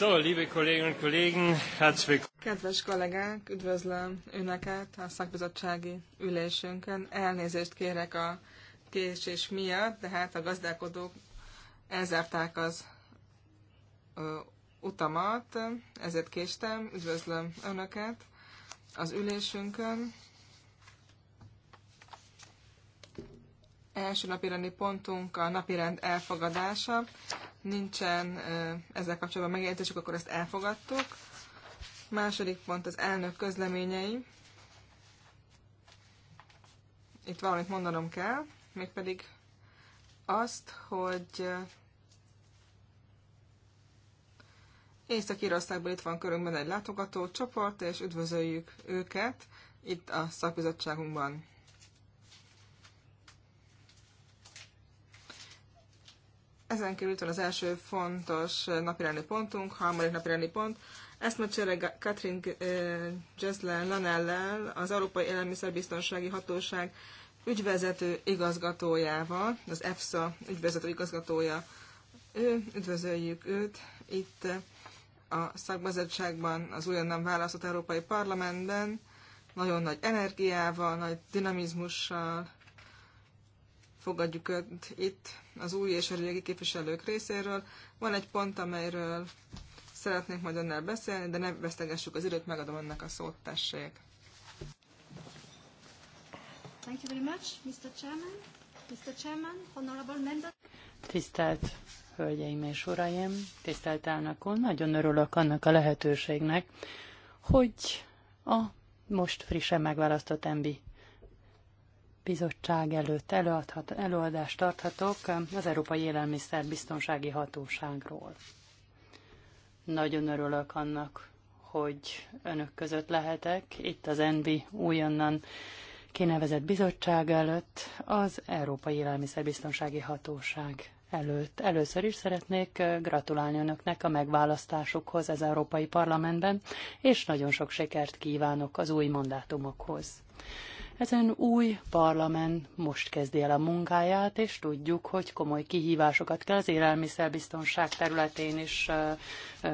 So, liebe Kolleginnen und Kollegen, herzlich Kedves kollégák, üdvözlöm Önöket a szakbizottsági ülésünkön. Elnézést kérek a késés miatt, de hát a gazdálkodók elzárták az ö, utamat, ezért késtem. Üdvözlöm Önöket az ülésünkön. Első napirendi pontunk a napirend elfogadása nincsen ezzel kapcsolatban megértésük akkor ezt elfogadtuk. Második pont az elnök közleményei. Itt valamit mondanom kell, mégpedig azt, hogy Észak-Írországban itt van körünkben egy látogató csoport, és üdvözöljük őket itt a szakbizottságunkban. Ezen kívül van az első fontos napirendi pontunk, harmadik napirendi pont. Ezt majd csere Katrin Jeslen eh, Lanellel, az Európai Élelmiszerbiztonsági Hatóság ügyvezető igazgatójával, az EFSA ügyvezető igazgatója. Ő, üdvözöljük őt itt a szakbizottságban, az újonnan választott Európai Parlamentben, nagyon nagy energiával, nagy dinamizmussal fogadjuk őt itt az új és a régi képviselők részéről. Van egy pont, amelyről szeretnék majd Önnel beszélni, de ne vesztegessük az időt, megadom Önnek a szót, tessék. Thank you very much, Mr. Chairman. Mr. Chairman, honorable member. Tisztelt Hölgyeim és Uraim, tisztelt elnök úr, nagyon örülök annak a lehetőségnek, hogy a most frissen megválasztott MB bizottság előtt előadhat, előadást tarthatok az Európai biztonsági Hatóságról. Nagyon örülök annak, hogy önök között lehetek. Itt az ENVI újonnan kinevezett bizottság előtt, az Európai Élelmiszerbiztonsági Hatóság előtt. Először is szeretnék gratulálni önöknek a megválasztásukhoz az Európai Parlamentben, és nagyon sok sikert kívánok az új mandátumokhoz. Ezen új parlament most kezdi el a munkáját, és tudjuk, hogy komoly kihívásokat kell az élelmiszerbiztonság területén is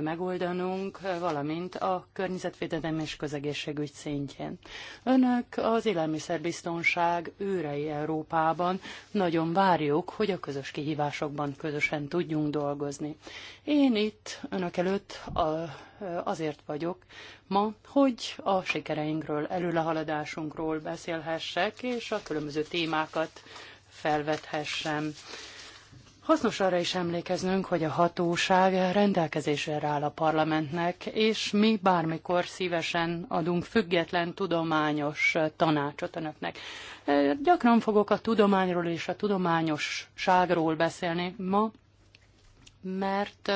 megoldanunk, valamint a környezetvédelem és közegészségügy szintjén. Önök az élelmiszerbiztonság őrei Európában nagyon várjuk, hogy a közös kihívásokban közösen tudjunk dolgozni. Én itt önök előtt a azért vagyok ma, hogy a sikereinkről, előrehaladásunkról beszélhessek, és a különböző témákat felvethessem. Hasznos arra is emlékeznünk, hogy a hatóság rendelkezésre áll a parlamentnek, és mi bármikor szívesen adunk független tudományos tanácsot önöknek. Gyakran fogok a tudományról és a tudományosságról beszélni ma, mert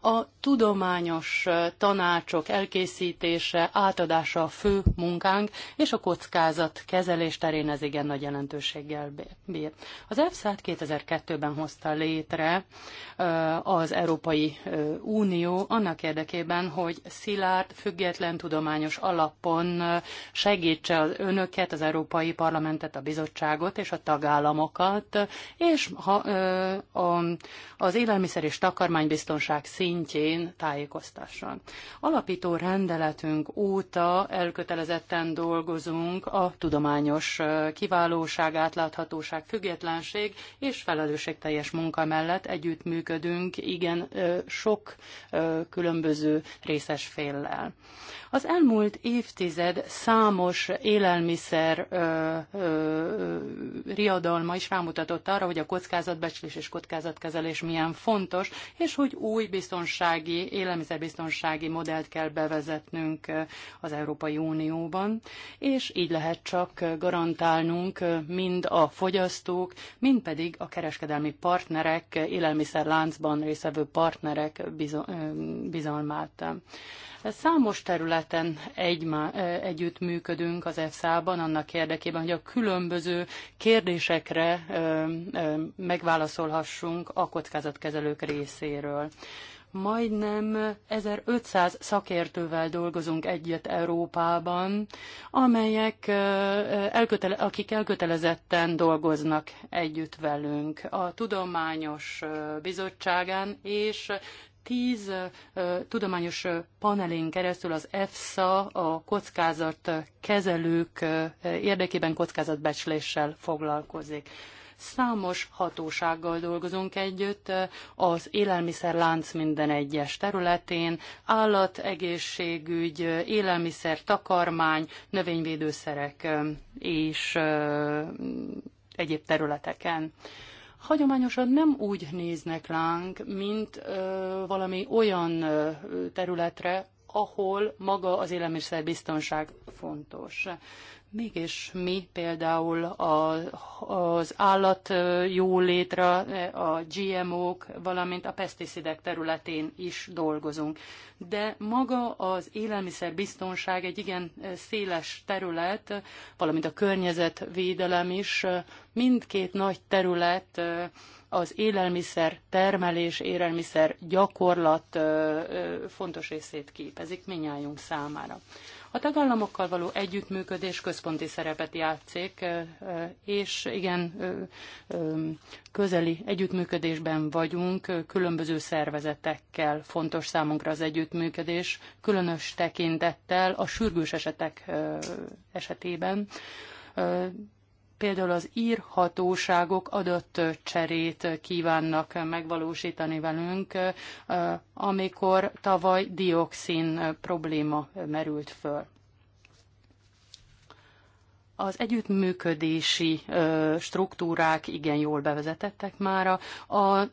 a tudományos tanácsok elkészítése, átadása a fő munkánk, és a kockázat kezelés terén ez igen nagy jelentőséggel bír. Az efsa 2002-ben hozta létre az Európai Unió annak érdekében, hogy szilárd, független tudományos alapon segítse az önöket, az Európai Parlamentet, a bizottságot és a tagállamokat, és ha, az élelmiszer és takarmánybiztonság szintjén tájékoztasson. Alapító rendeletünk óta elkötelezetten dolgozunk a tudományos kiválóság, átláthatóság, függetlenség és felelősségteljes munka mellett együttműködünk igen sok különböző részes féllel. Az elmúlt évtized számos élelmiszer ö, ö, riadalma is rámutatott arra, hogy a kockázatbecslés és kockázatkezelés milyen fontos, fontos, és hogy új biztonsági, élelmiszerbiztonsági modellt kell bevezetnünk eh, az Európai Unióban, és így lehet csak eh, garantálnunk eh, mind a fogyasztók, mind pedig a kereskedelmi partnerek, élelmiszerláncban részvevő partnerek bizalmát. Számos területen egymá, együtt működünk az EFSA-ban annak érdekében, hogy a különböző kérdésekre megválaszolhassunk a kockázatkezelők részéről majdnem 1500 szakértővel dolgozunk egyet Európában, amelyek, elkötele, akik elkötelezetten dolgoznak együtt velünk a Tudományos Bizottságán és tíz tudományos panelén keresztül az EFSA a kezelők érdekében kockázatbecsléssel foglalkozik számos hatósággal dolgozunk együtt az élelmiszerlánc minden egyes területén, állategészségügy, élelmiszer, takarmány, növényvédőszerek és egyéb területeken hagyományosan nem úgy néznek ránk, mint ö, valami olyan ö, területre, ahol maga az élelmiszerbiztonság fontos. Mégis mi például a, az állat jólétre, a GMO-k, valamint a peszticidek területén is dolgozunk. De maga az élelmiszerbiztonság egy igen széles terület, valamint a környezetvédelem is, mindkét nagy terület az élelmiszer termelés, élelmiszer gyakorlat fontos részét képezik minnyájunk számára. A tagállamokkal való együttműködés központi szerepet játszik, és igen, közeli együttműködésben vagyunk, különböző szervezetekkel fontos számunkra az együttműködés, különös tekintettel a sürgős esetek esetében például az ír hatóságok adott cserét kívánnak megvalósítani velünk, eh, amikor tavaly dioxin probléma merült föl. Az együttműködési eh, struktúrák igen jól bevezetettek mára. A eh,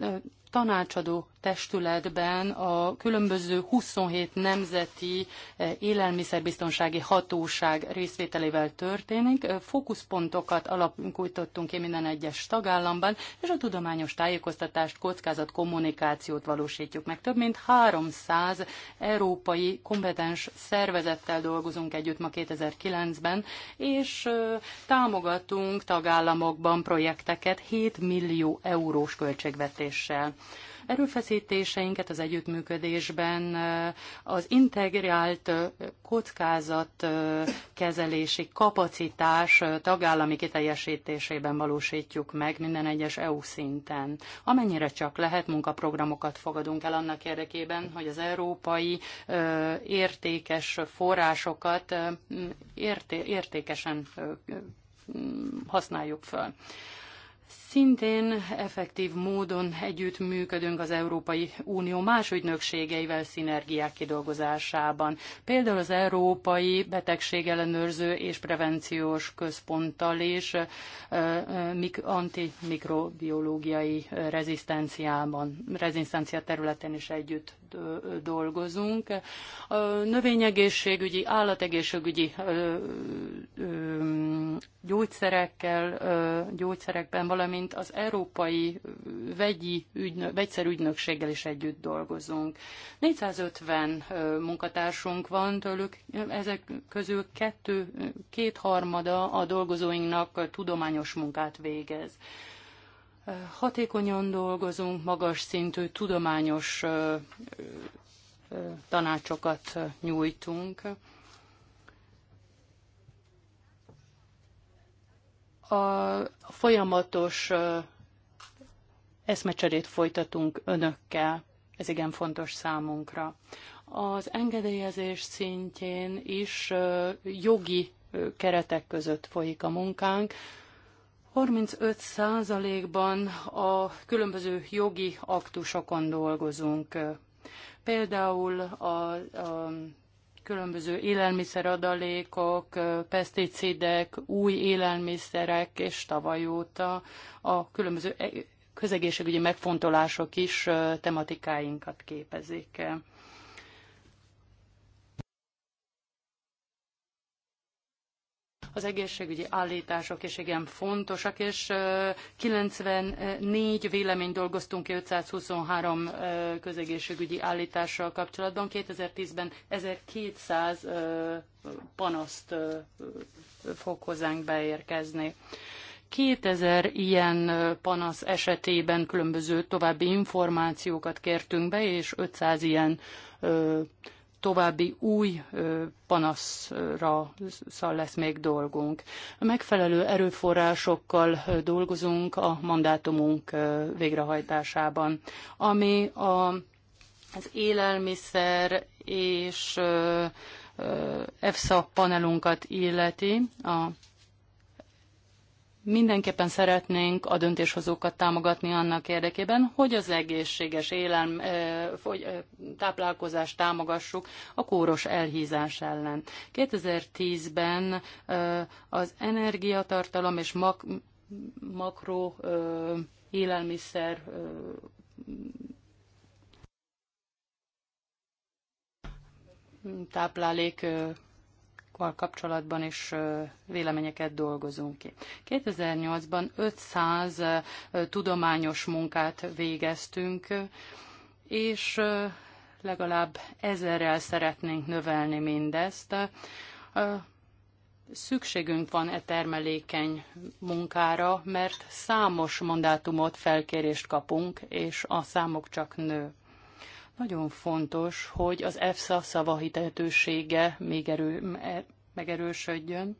tanácsadó testületben a különböző 27 nemzeti eh, élelmiszerbiztonsági hatóság részvételével történik. Eh, fókuszpontokat alapítottunk ki minden egyes tagállamban, és a tudományos tájékoztatást, kockázat, kommunikációt valósítjuk meg. Több mint 300 európai kompetens szervezettel dolgozunk együtt ma 2009-ben, és eh, támogatunk tagállamokban projekteket 7 millió eurós költségvetéssel erőfeszítéseinket az együttműködésben eh, az integrált eh, kockázat eh, kezelési kapacitás tagállami kiteljesítésében valósítjuk meg minden egyes EU szinten. Amennyire csak lehet, munkaprogramokat fogadunk el annak érdekében, hogy az európai értékes forrásokat értékesen mm, használjuk föl. Szintén effektív módon együtt működünk az Európai Unió más ügynökségeivel szinergiák kidolgozásában. Például az Európai Betegségellenőrző és Prevenciós Központtal és antimikrobiológiai rezisztenciában, rezisztencia területen is együtt dolgozunk. A növényegészségügyi, állategészségügyi gyógyszerekkel, gyógyszerekben, valamint szerint az Európai Vegyi ügynö, Vegyszerügynökséggel is együtt dolgozunk. 450 munkatársunk van tőlük, ezek közül kettő, kétharmada a dolgozóinknak tudományos munkát végez. Hatékonyan dolgozunk, magas szintű tudományos tanácsokat nyújtunk a folyamatos eszmecserét folytatunk önökkel. Ez igen fontos számunkra. Az engedélyezés szintjén is jogi keretek között folyik a munkánk. 35%-ban a különböző jogi aktusokon dolgozunk. Például a, a különböző élelmiszeradalékok, peszticidek, új élelmiszerek, és tavaly óta a különböző e- közegészségügyi megfontolások is tematikáinkat képezik. Az egészségügyi állítások is igen fontosak, és 94 vélemény dolgoztunk ki 523 közegészségügyi állítással kapcsolatban. 2010-ben 1200 panaszt fog hozzánk beérkezni. 2000 ilyen panasz esetében különböző további információkat kértünk be, és 500 ilyen további új panaszra lesz még dolgunk. A megfelelő erőforrásokkal dolgozunk a mandátumunk végrehajtásában, ami a, az élelmiszer és EFSA panelunkat illeti, a mindenképpen szeretnénk a döntéshozókat támogatni annak érdekében, hogy az egészséges élelm, táplálkozást támogassuk a kóros elhízás ellen. 2010-ben az energiatartalom és mak, makro élelmiszer táplálék val kapcsolatban is véleményeket dolgozunk ki. 2008-ban 500 tudományos munkát végeztünk, és legalább ezerrel szeretnénk növelni mindezt. Szükségünk van e termelékeny munkára, mert számos mandátumot, felkérést kapunk, és a számok csak nő. Nagyon fontos, hogy az EFSA szavahitetősége még erő, megerősödjön,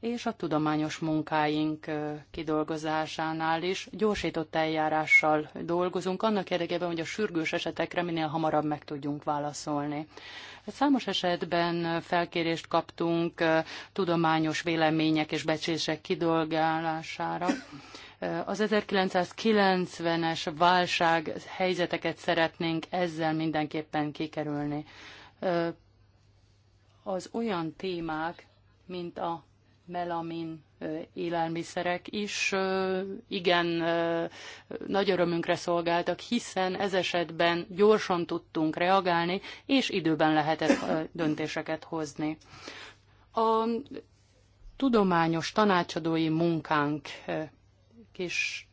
és a tudományos munkáink kidolgozásánál is gyorsított eljárással dolgozunk, annak érdekében, hogy a sürgős esetekre minél hamarabb meg tudjunk válaszolni. Számos esetben felkérést kaptunk tudományos vélemények és becsések kidolgálására. Az 1990-es válság helyzeteket szeretnénk ezzel mindenképpen kikerülni. Az olyan témák, mint a melamin élelmiszerek is igen nagy örömünkre szolgáltak, hiszen ez esetben gyorsan tudtunk reagálni, és időben lehetett döntéseket hozni. A tudományos tanácsadói munkánk és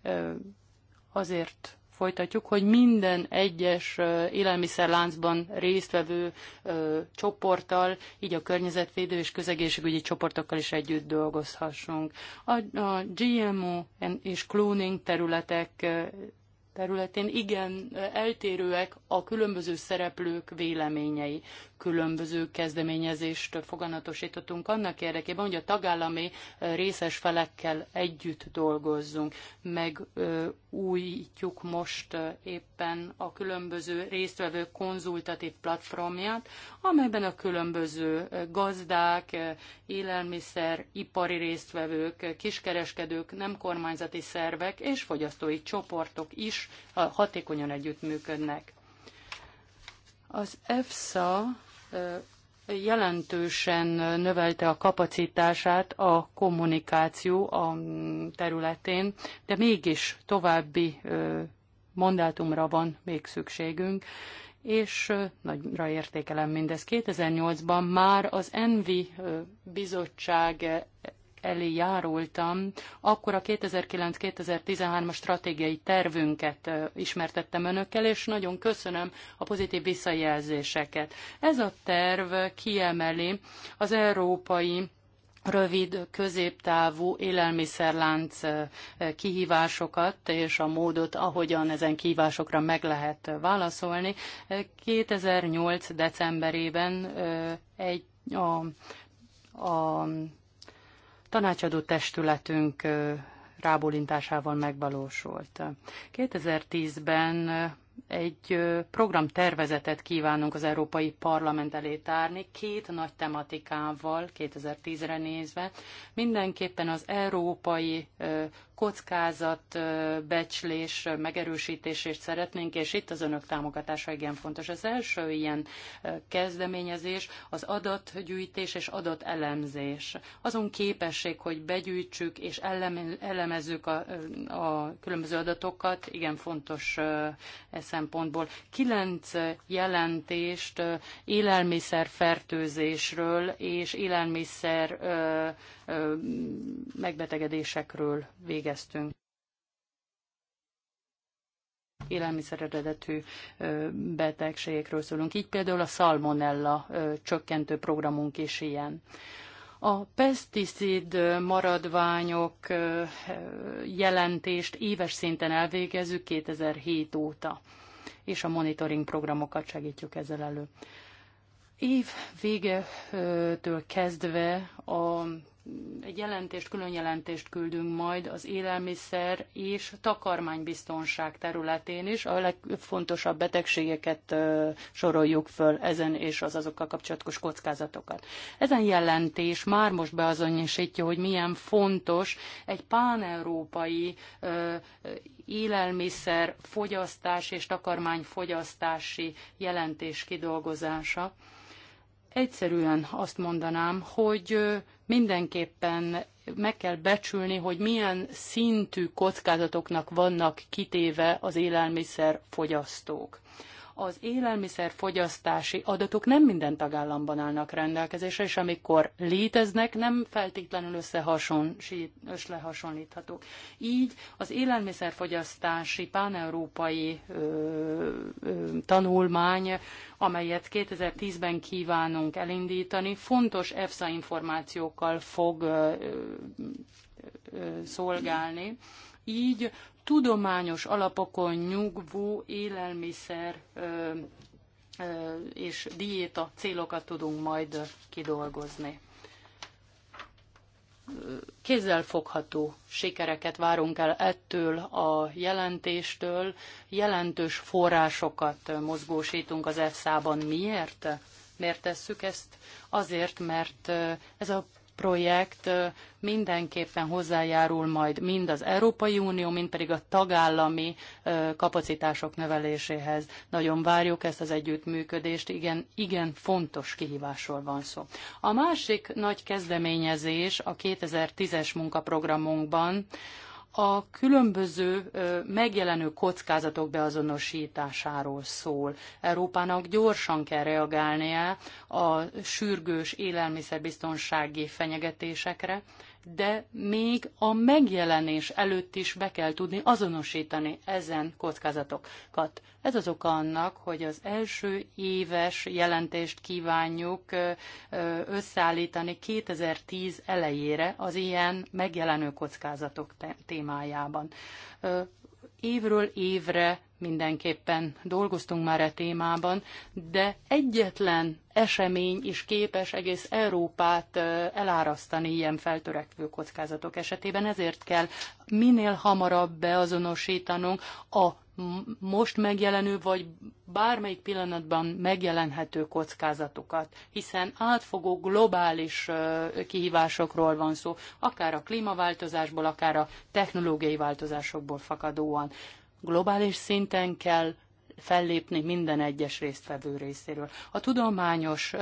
azért folytatjuk, hogy minden egyes élelmiszerláncban résztvevő csoporttal, így a környezetvédő és közegészségügyi csoportokkal is együtt dolgozhassunk. a GMO és cloning területek területén igen eltérőek a különböző szereplők véleményei különböző kezdeményezést foganatosítottunk annak érdekében, hogy a tagállami részes felekkel együtt dolgozzunk. meg újítjuk most éppen a különböző résztvevő konzultatív platformját, amelyben a különböző gazdák, élelmiszer, ipari résztvevők, kiskereskedők, nem kormányzati szervek és fogyasztói csoportok is hatékonyan együttműködnek. Az EFSA jelentősen növelte a kapacitását a kommunikáció a területén, de mégis további mandátumra van még szükségünk, és nagyra értékelem mindez. 2008-ban már az Envi bizottság elé járultam, akkor a 2009-2013-as stratégiai tervünket ismertettem önökkel, és nagyon köszönöm a pozitív visszajelzéseket. Ez a terv kiemeli az európai rövid, középtávú élelmiszerlánc kihívásokat és a módot, ahogyan ezen kihívásokra meg lehet válaszolni. 2008. decemberében egy a, a tanácsadó testületünk rábólintásával megvalósult. 2010-ben egy programtervezetet kívánunk az Európai Parlament elé tárni, két nagy tematikával 2010-re nézve. Mindenképpen az európai kockázat becslés megerősítését szeretnénk, és itt az önök támogatása igen fontos. Az első ilyen kezdeményezés az adatgyűjtés és adatelemzés. Azon képesség, hogy begyűjtsük és elemezzük a, a különböző adatokat, igen fontos e szempontból. Kilenc jelentést élelmiszerfertőzésről és élelmiszer megbetegedésekről végeztünk élelmiszer eredetű betegségekről szólunk. Így például a szalmonella csökkentő programunk is ilyen. A peszticid maradványok jelentést éves szinten elvégezzük 2007 óta, és a monitoring programokat segítjük ezzel elő. Év végetől kezdve a egy jelentést, külön jelentést küldünk majd az élelmiszer és takarmánybiztonság területén is. A legfontosabb betegségeket soroljuk föl ezen és az azokkal kapcsolatos kockázatokat. Ezen jelentés már most beazonosítja, hogy milyen fontos egy páneurópai élelmiszer fogyasztás és takarmányfogyasztási jelentés kidolgozása Egyszerűen azt mondanám, hogy mindenképpen meg kell becsülni, hogy milyen szintű kockázatoknak vannak kitéve az élelmiszer fogyasztók az élelmiszerfogyasztási adatok nem minden tagállamban állnak rendelkezésre, és amikor léteznek, nem feltétlenül összehasonlíthatók. Így az élelmiszerfogyasztási páneurópai tanulmány, amelyet 2010-ben kívánunk elindítani, fontos EFSA információkkal fog ö, ö, szolgálni, így tudományos alapokon nyugvó élelmiszer ö, ö, és diéta célokat tudunk majd kidolgozni. Kézzelfogható sikereket várunk el ettől a jelentéstől. Jelentős forrásokat mozgósítunk az EFSA-ban. Miért? Miért tesszük ezt? Azért, mert ez a projekt mindenképpen hozzájárul majd mind az Európai Unió, mind pedig a tagállami kapacitások növeléséhez. Nagyon várjuk ezt az együttműködést, igen, igen fontos kihívásról van szó. A másik nagy kezdeményezés a 2010-es munkaprogramunkban, a különböző megjelenő kockázatok beazonosításáról szól. Európának gyorsan kell reagálnia a sürgős élelmiszerbiztonsági fenyegetésekre, de még a megjelenés előtt is be kell tudni azonosítani ezen kockázatokat. Ez az oka annak, hogy az első éves jelentést kívánjuk összeállítani 2010 elejére az ilyen megjelenő kockázatok témájában évről évre mindenképpen dolgoztunk már e témában, de egyetlen esemény is képes egész Európát elárasztani ilyen feltörekvő kockázatok esetében, ezért kell minél hamarabb beazonosítanunk a most megjelenő, vagy bármelyik pillanatban megjelenhető kockázatokat, hiszen átfogó globális kihívásokról van szó, akár a klímaváltozásból, akár a technológiai változásokból fakadóan. Globális szinten kell fellépni minden egyes résztvevő részéről. A tudományos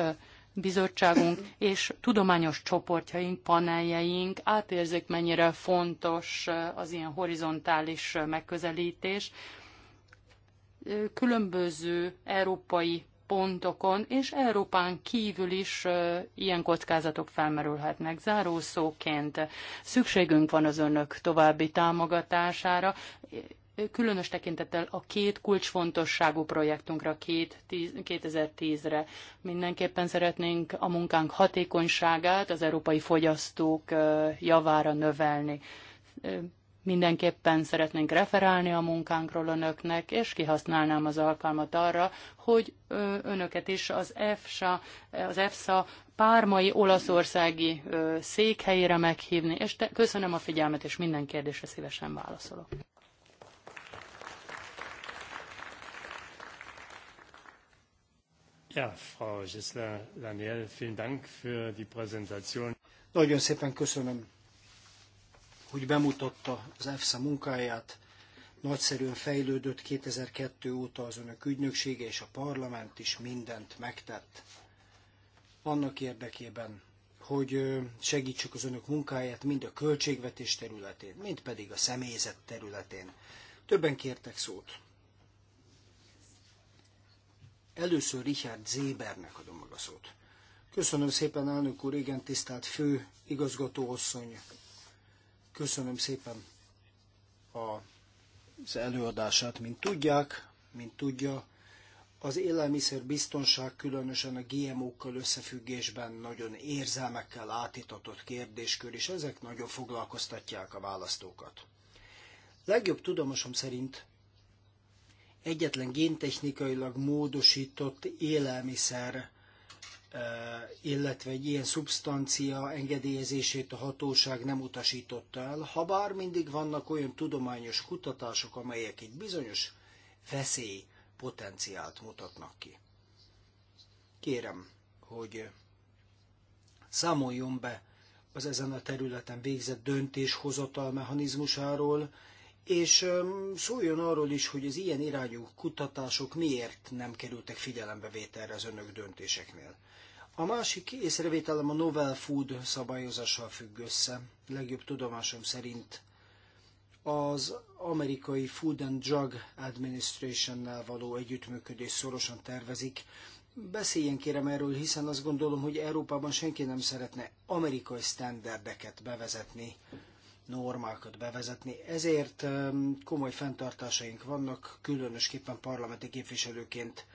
bizottságunk és tudományos csoportjaink, paneljeink átérzik, mennyire fontos az ilyen horizontális megközelítés, különböző európai pontokon és Európán kívül is ilyen kockázatok felmerülhetnek. Zárószóként szükségünk van az önök további támogatására, különös tekintettel a két kulcsfontosságú projektunkra 2010-re. Mindenképpen szeretnénk a munkánk hatékonyságát az európai fogyasztók javára növelni Mindenképpen szeretnénk referálni a munkánkról önöknek, és kihasználnám az alkalmat arra, hogy önöket is az EFSA, az EFSA pármai olaszországi székhelyére meghívni, és te, köszönöm a figyelmet, és minden kérdésre szívesen válaszolok. Ja, Frau Gisela Daniel, vielen Dank für die Präsentation. Nagyon szépen köszönöm hogy bemutatta az EFSA munkáját. Nagyszerűen fejlődött 2002 óta az önök ügynöksége, és a parlament is mindent megtett. Annak érdekében, hogy segítsük az önök munkáját mind a költségvetés területén, mind pedig a személyzet területén. Többen kértek szót. Először Richard Zébernek adom meg a szót. Köszönöm szépen, elnök úr, igen, tisztelt fő igazgatóasszony, Köszönöm szépen az előadását, mint tudják, mint tudja, az élelmiszerbiztonság különösen a GMO-kkal összefüggésben nagyon érzelmekkel átitatott kérdéskör, és ezek nagyon foglalkoztatják a választókat. Legjobb tudomosom szerint egyetlen géntechnikailag módosított élelmiszer Eh, illetve egy ilyen szubstancia engedélyezését a hatóság nem utasította el, habár mindig vannak olyan tudományos kutatások, amelyek egy bizonyos veszély potenciált mutatnak ki. Kérem, hogy számoljon be az ezen a területen végzett döntéshozatal mechanizmusáról, és szóljon arról is, hogy az ilyen irányú kutatások miért nem kerültek figyelembevételre az önök döntéseknél. A másik észrevételem a novel food szabályozással függ össze. Legjobb tudomásom szerint az amerikai Food and Drug Administration-nel való együttműködés szorosan tervezik. Beszéljen kérem erről, hiszen azt gondolom, hogy Európában senki nem szeretne amerikai standardeket bevezetni, normákat bevezetni. Ezért um, komoly fenntartásaink vannak, különösképpen parlamenti képviselőként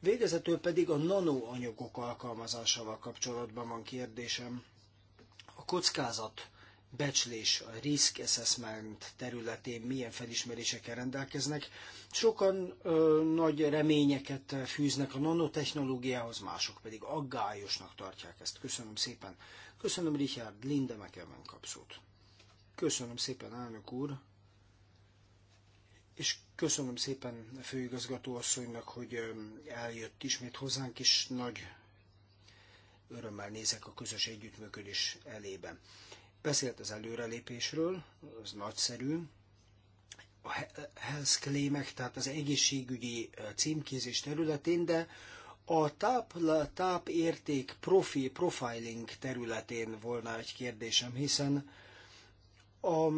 Végezetül pedig a nanoanyagok alkalmazásával kapcsolatban van kérdésem. A kockázat becslés, a risk assessment területén milyen felismerésekkel rendelkeznek. Sokan ö, nagy reményeket fűznek a nanotechnológiához, mások pedig aggályosnak tartják ezt. Köszönöm szépen. Köszönöm Richard Linde McEwen kapszót. Köszönöm szépen, elnök úr és köszönöm szépen a főigazgató asszonynak, hogy eljött ismét hozzánk is, nagy örömmel nézek a közös együttműködés elében. Beszélt az előrelépésről, az nagyszerű, a health claimek, tehát az egészségügyi címkézés területén, de a táp, érték profi, profiling területén volna egy kérdésem, hiszen a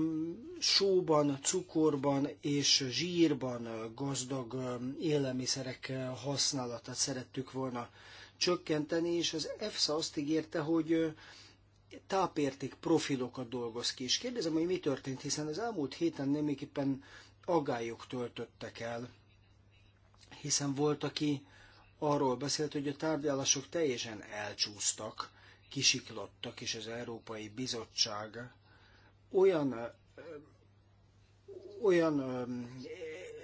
sóban, cukorban és zsírban gazdag um, élelmiszerek uh, használatát szerettük volna csökkenteni, és az EFSA azt ígérte, hogy uh, tápérték profilokat dolgoz ki. És kérdezem, hogy mi történt, hiszen az elmúlt héten némiképpen agályok töltöttek el, hiszen volt, aki arról beszélt, hogy a tárgyalások teljesen elcsúsztak, kisiklottak, és az Európai Bizottság olyan olyan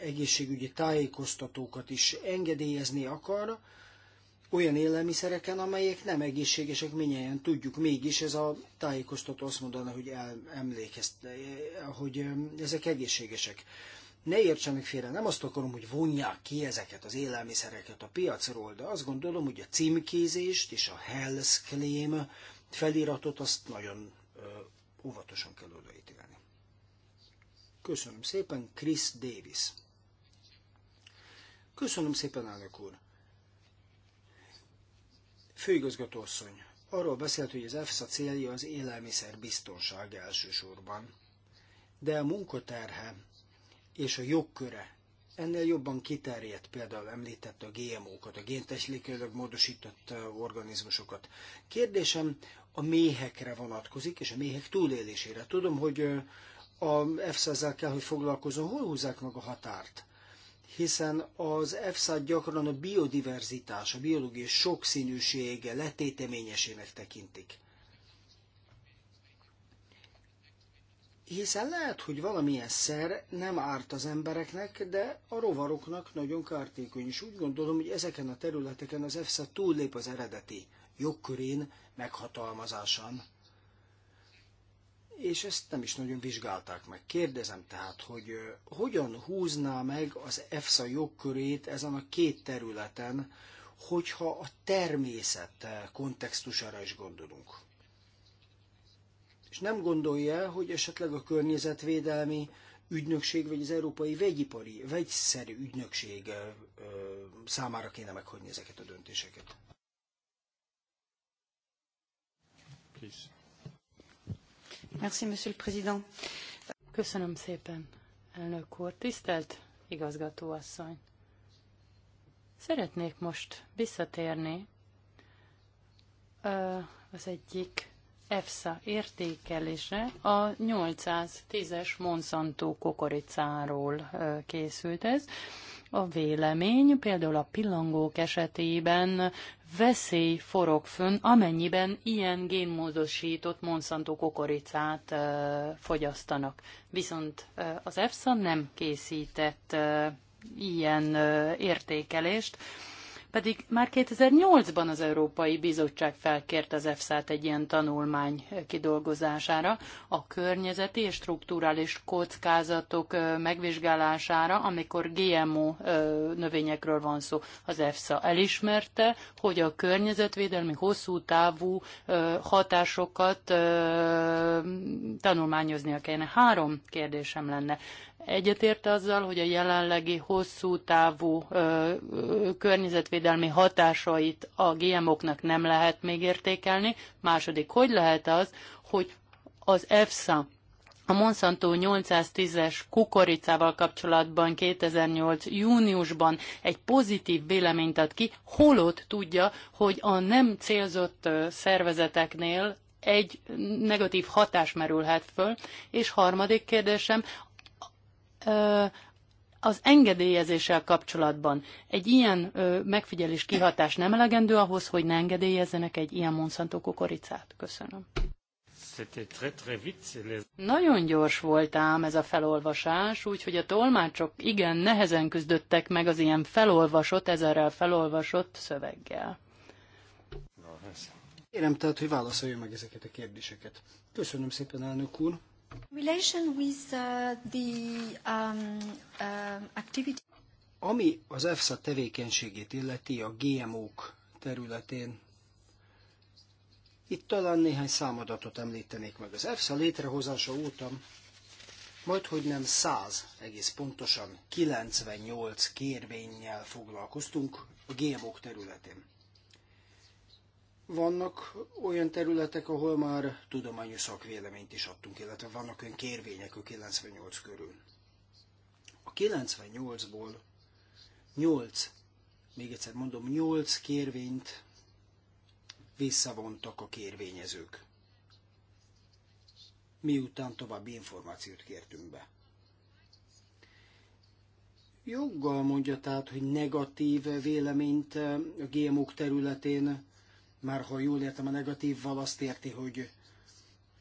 egészségügyi tájékoztatókat is engedélyezni akar, olyan élelmiszereken, amelyek nem egészségesek, minnyáján tudjuk. Mégis ez a tájékoztató azt mondaná, hogy el, emlékezt, hogy ezek egészségesek. Ne értsenek félre, nem azt akarom, hogy vonják ki ezeket az élelmiszereket a piacról, de azt gondolom, hogy a címkézést és a health claim feliratot azt nagyon óvatosan kell odaítélni. Köszönöm szépen, Chris Davis. Köszönöm szépen, elnök úr. Főigazgató asszony, arról beszélt, hogy az EFSA célja az élelmiszer biztonság elsősorban, de a munkaterhe és a jogköre ennél jobban kiterjedt, például említett a GMO-kat, a géntechnikailag módosított organizmusokat. Kérdésem, a méhekre vonatkozik, és a méhek túlélésére. Tudom, hogy a EFSA ezzel kell, hogy foglalkozom, hol húzzák meg a határt? Hiszen az EFSA gyakran a biodiverzitás, a biológiai sokszínűsége letéteményesének tekintik. Hiszen lehet, hogy valamilyen szer nem árt az embereknek, de a rovaroknak nagyon kártékony, és úgy gondolom, hogy ezeken a területeken az EFSA túllép az eredeti jogkörén, meghatalmazásán, és ezt nem is nagyon vizsgálták meg. Kérdezem tehát, hogy hogyan húzná meg az EFSA jogkörét ezen a két területen, hogyha a természet kontextusára is gondolunk. És nem gondolja, hogy esetleg a környezetvédelmi ügynökség, vagy az Európai Vegyipari, Vegyszerű Ügynökség számára kéne meghagyni ezeket a döntéseket. Monsieur le Président. Köszönöm szépen, elnök úr. Tisztelt igazgatóasszony! Szeretnék most visszatérni az egyik EFSA értékelése a 810-es Monsanto kukoricáról készült ez a vélemény, például a pillangók esetében veszély forog fönn, amennyiben ilyen génmódosított Monsanto kukoricát fogyasztanak. Viszont az EFSA nem készített ilyen értékelést, pedig már 2008-ban az Európai Bizottság felkért az EFSA-t egy ilyen tanulmány eh, kidolgozására, a környezeti és strukturális kockázatok eh, megvizsgálására, amikor GMO eh, növényekről van szó. Az EFSA elismerte, hogy a környezetvédelmi hosszú távú hatásokat tanulmányoznia kellene. Három kérdésem lenne egyetért azzal, hogy a jelenlegi hosszú távú ö, ö, környezetvédelmi hatásait a GMO-knak nem lehet még értékelni. Második, hogy lehet az, hogy az EFSA a Monsanto 810-es kukoricával kapcsolatban 2008. júniusban egy pozitív véleményt ad ki, holott tudja, hogy a nem célzott szervezeteknél egy negatív hatás merülhet föl. És harmadik kérdésem, az engedélyezéssel kapcsolatban egy ilyen ö, megfigyelés kihatás nem elegendő ahhoz, hogy ne engedélyezzenek egy ilyen Monsanto kukoricát? Köszönöm. Nagyon gyors volt ám ez a felolvasás, úgyhogy a tolmácsok igen nehezen küzdöttek meg az ilyen felolvasott, ezerrel felolvasott szöveggel. Kérem tehát, hogy válaszolja meg ezeket a kérdéseket. Köszönöm szépen, elnök úr. Uh, um, uh, Ami az EFSA tevékenységét illeti a GMO-k területén, itt talán néhány számadatot említenék meg. Az EFSA létrehozása óta majd hogy nem 100, egész pontosan 98 kérvénnyel foglalkoztunk a GMO-k területén vannak olyan területek, ahol már tudományos szakvéleményt is adtunk, illetve vannak olyan kérvények a 98 körül. A 98-ból 8, még egyszer mondom, 8 kérvényt visszavontak a kérvényezők, miután további információt kértünk be. Joggal mondja tehát, hogy negatív véleményt a gmo területén már ha jól értem a negatívval, azt érti, hogy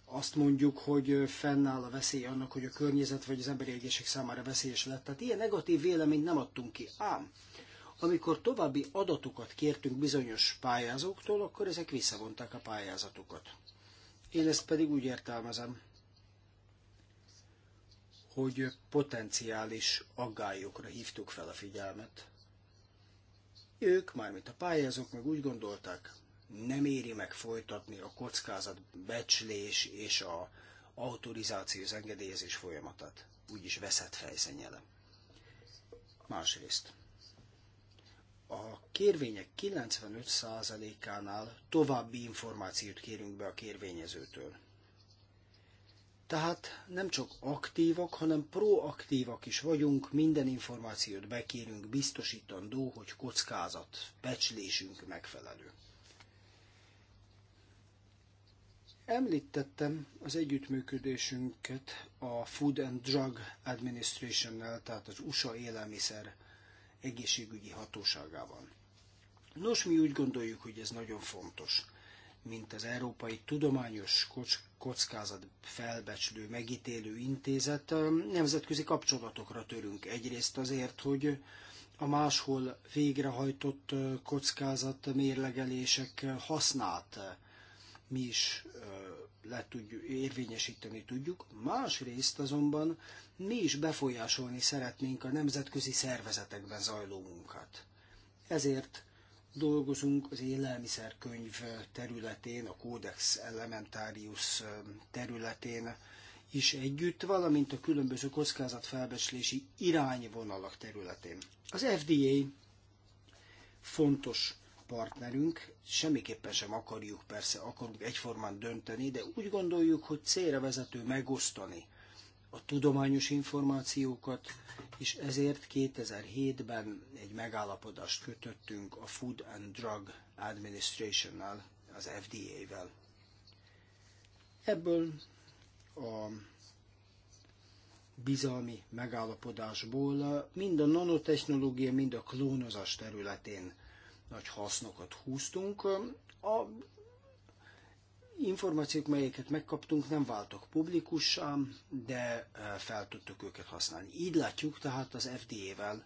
azt mondjuk, hogy fennáll a veszély annak, hogy a környezet vagy az emberi egészség számára veszélyes lett. Tehát ilyen negatív véleményt nem adtunk ki. Ám, amikor további adatokat kértünk bizonyos pályázóktól, akkor ezek visszavonták a pályázatukat. Én ezt pedig úgy értelmezem, hogy potenciális aggályokra hívtuk fel a figyelmet. Ők, mármint a pályázók, meg úgy gondolták, nem éri meg folytatni a kockázat becslés és a autorizációs engedélyezés folyamatát. Úgyis veszett fejszennyele. Másrészt, a kérvények 95%-ánál további információt kérünk be a kérvényezőtől. Tehát nem csak aktívak, hanem proaktívak is vagyunk, minden információt bekérünk, biztosítandó, hogy kockázat, becslésünk megfelelő. Említettem az együttműködésünket a Food and Drug Administration-nel, tehát az USA élelmiszer egészségügyi hatóságával. Nos, mi úgy gondoljuk, hogy ez nagyon fontos, mint az Európai Tudományos Kockázat Felbecslő Megítélő Intézet. Nemzetközi kapcsolatokra törünk egyrészt azért, hogy a máshol végrehajtott kockázat mérlegelések hasznát mi is le tudjuk, érvényesíteni tudjuk, másrészt azonban mi is befolyásolni szeretnénk a nemzetközi szervezetekben zajló munkát. Ezért dolgozunk az élelmiszerkönyv területén, a Codex Elementarius területén is együtt, valamint a különböző kockázatfelbecslési irányvonalak területén. Az FDA fontos partnerünk, semmiképpen sem akarjuk, persze akarunk egyformán dönteni, de úgy gondoljuk, hogy célra vezető megosztani a tudományos információkat, és ezért 2007-ben egy megállapodást kötöttünk a Food and Drug Administration-nal, az FDA-vel. Ebből a bizalmi megállapodásból mind a nanotechnológia, mind a klónozás területén nagy hasznokat húztunk. A információk, melyeket megkaptunk, nem váltak publikussá, de e, fel tudtuk őket használni. Így látjuk tehát az FDA-vel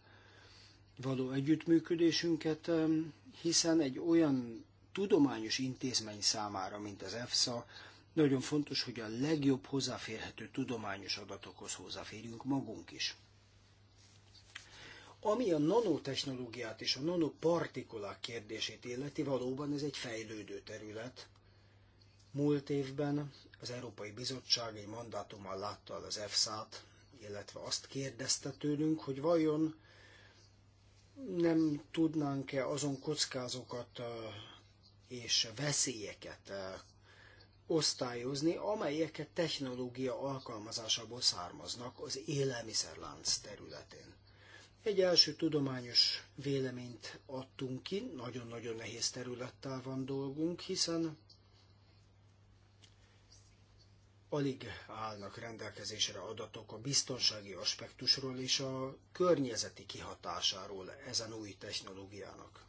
való együttműködésünket, e, hiszen egy olyan tudományos intézmény számára, mint az EFSA, nagyon fontos, hogy a legjobb hozzáférhető tudományos adatokhoz hozzáférjünk magunk is. Ami a nanotechnológiát és a nanopartikulák kérdését illeti, valóban ez egy fejlődő terület. Múlt évben az Európai Bizottság egy mandátummal látta az EFSA-t, illetve azt kérdezte tőlünk, hogy vajon nem tudnánk-e azon kockázokat és veszélyeket osztályozni, amelyeket technológia alkalmazásából származnak az élelmiszerlánc területén. Egy első tudományos véleményt adtunk ki, nagyon-nagyon nehéz területtel van dolgunk, hiszen alig állnak rendelkezésre adatok a biztonsági aspektusról és a környezeti kihatásáról ezen új technológiának.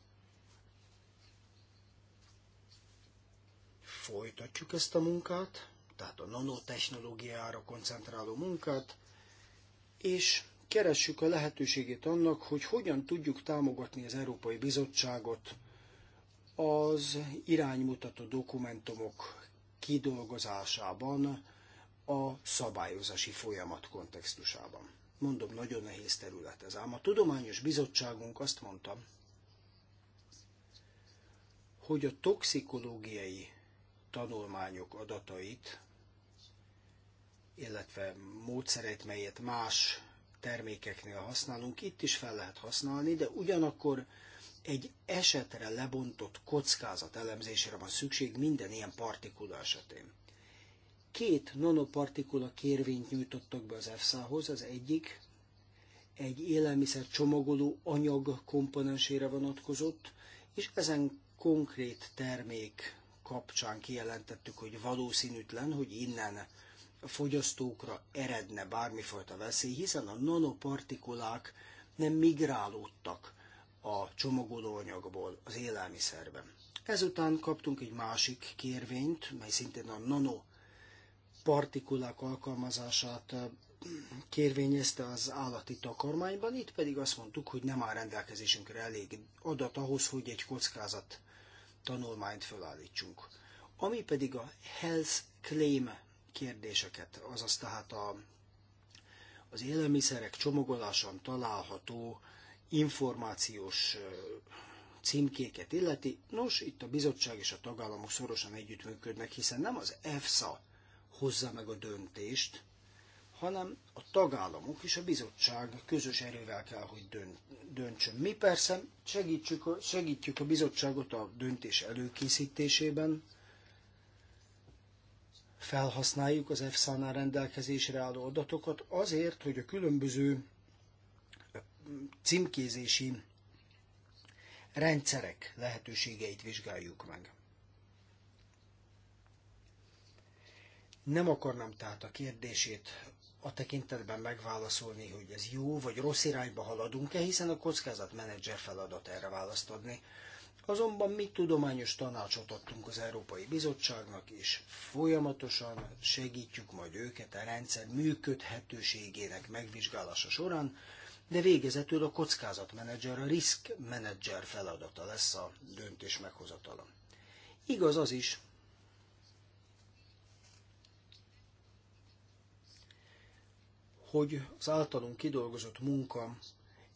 Folytatjuk ezt a munkát, tehát a nanotechnológiára koncentráló munkát, és keressük a lehetőségét annak, hogy hogyan tudjuk támogatni az Európai Bizottságot az iránymutató dokumentumok kidolgozásában, a szabályozási folyamat kontextusában. Mondom, nagyon nehéz terület ez, ám a Tudományos Bizottságunk azt mondta, hogy a toxikológiai tanulmányok adatait, illetve módszereit, melyet más termékeknél használunk, itt is fel lehet használni, de ugyanakkor egy esetre lebontott kockázat elemzésére van szükség minden ilyen partikula esetén. Két nanopartikula kérvényt nyújtottak be az EFSA-hoz, az egyik egy élelmiszer csomagoló anyag komponensére vonatkozott, és ezen konkrét termék kapcsán kijelentettük, hogy valószínűtlen, hogy innen fogyasztókra eredne bármifajta veszély, hiszen a nanopartikulák nem migrálódtak a csomagolóanyagból az élelmiszerben. Ezután kaptunk egy másik kérvényt, mely szintén a nanopartikulák alkalmazását kérvényezte az állati takarmányban, itt pedig azt mondtuk, hogy nem áll rendelkezésünkre elég adat ahhoz, hogy egy kockázat tanulmányt felállítsunk. Ami pedig a health claim kérdéseket, azaz tehát a, az élelmiszerek csomagolásán található információs címkéket illeti. Nos, itt a bizottság és a tagállamok szorosan együttműködnek, hiszen nem az EFSA hozza meg a döntést, hanem a tagállamok és a bizottság közös erővel kell, hogy döntsön. Mi persze segítjük a segítjük a bizottságot a döntés előkészítésében, felhasználjuk az EFSA-nál rendelkezésre álló adatokat azért, hogy a különböző címkézési rendszerek lehetőségeit vizsgáljuk meg. Nem akarnám tehát a kérdését a tekintetben megválaszolni, hogy ez jó vagy rossz irányba haladunk-e, hiszen a kockázatmenedzser feladat erre választ adni. Azonban mi tudományos tanácsot adtunk az Európai Bizottságnak, és folyamatosan segítjük majd őket a rendszer működhetőségének megvizsgálása során, de végezetül a kockázatmenedzser, a risk menedzser feladata lesz a döntés meghozatala. Igaz az is, hogy az általunk kidolgozott munka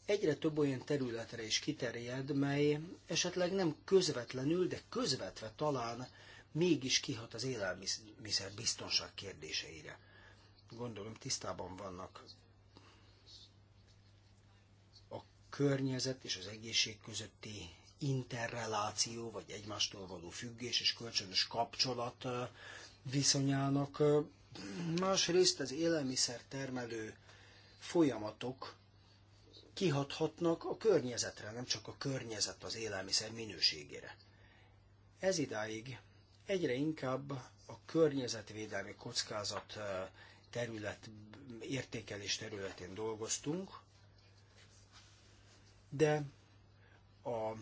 egyre több olyan területre is kiterjed, mely esetleg nem közvetlenül, de közvetve talán mégis kihat az élelmiszer biztonság kérdéseire. Gondolom tisztában vannak a környezet és az egészség közötti interreláció, vagy egymástól való függés és kölcsönös kapcsolat viszonyának. Másrészt az élelmiszer termelő folyamatok kihathatnak a környezetre, nem csak a környezet az élelmiszer minőségére. Ez idáig egyre inkább a környezetvédelmi kockázat eh, terület, értékelés területén dolgoztunk, de a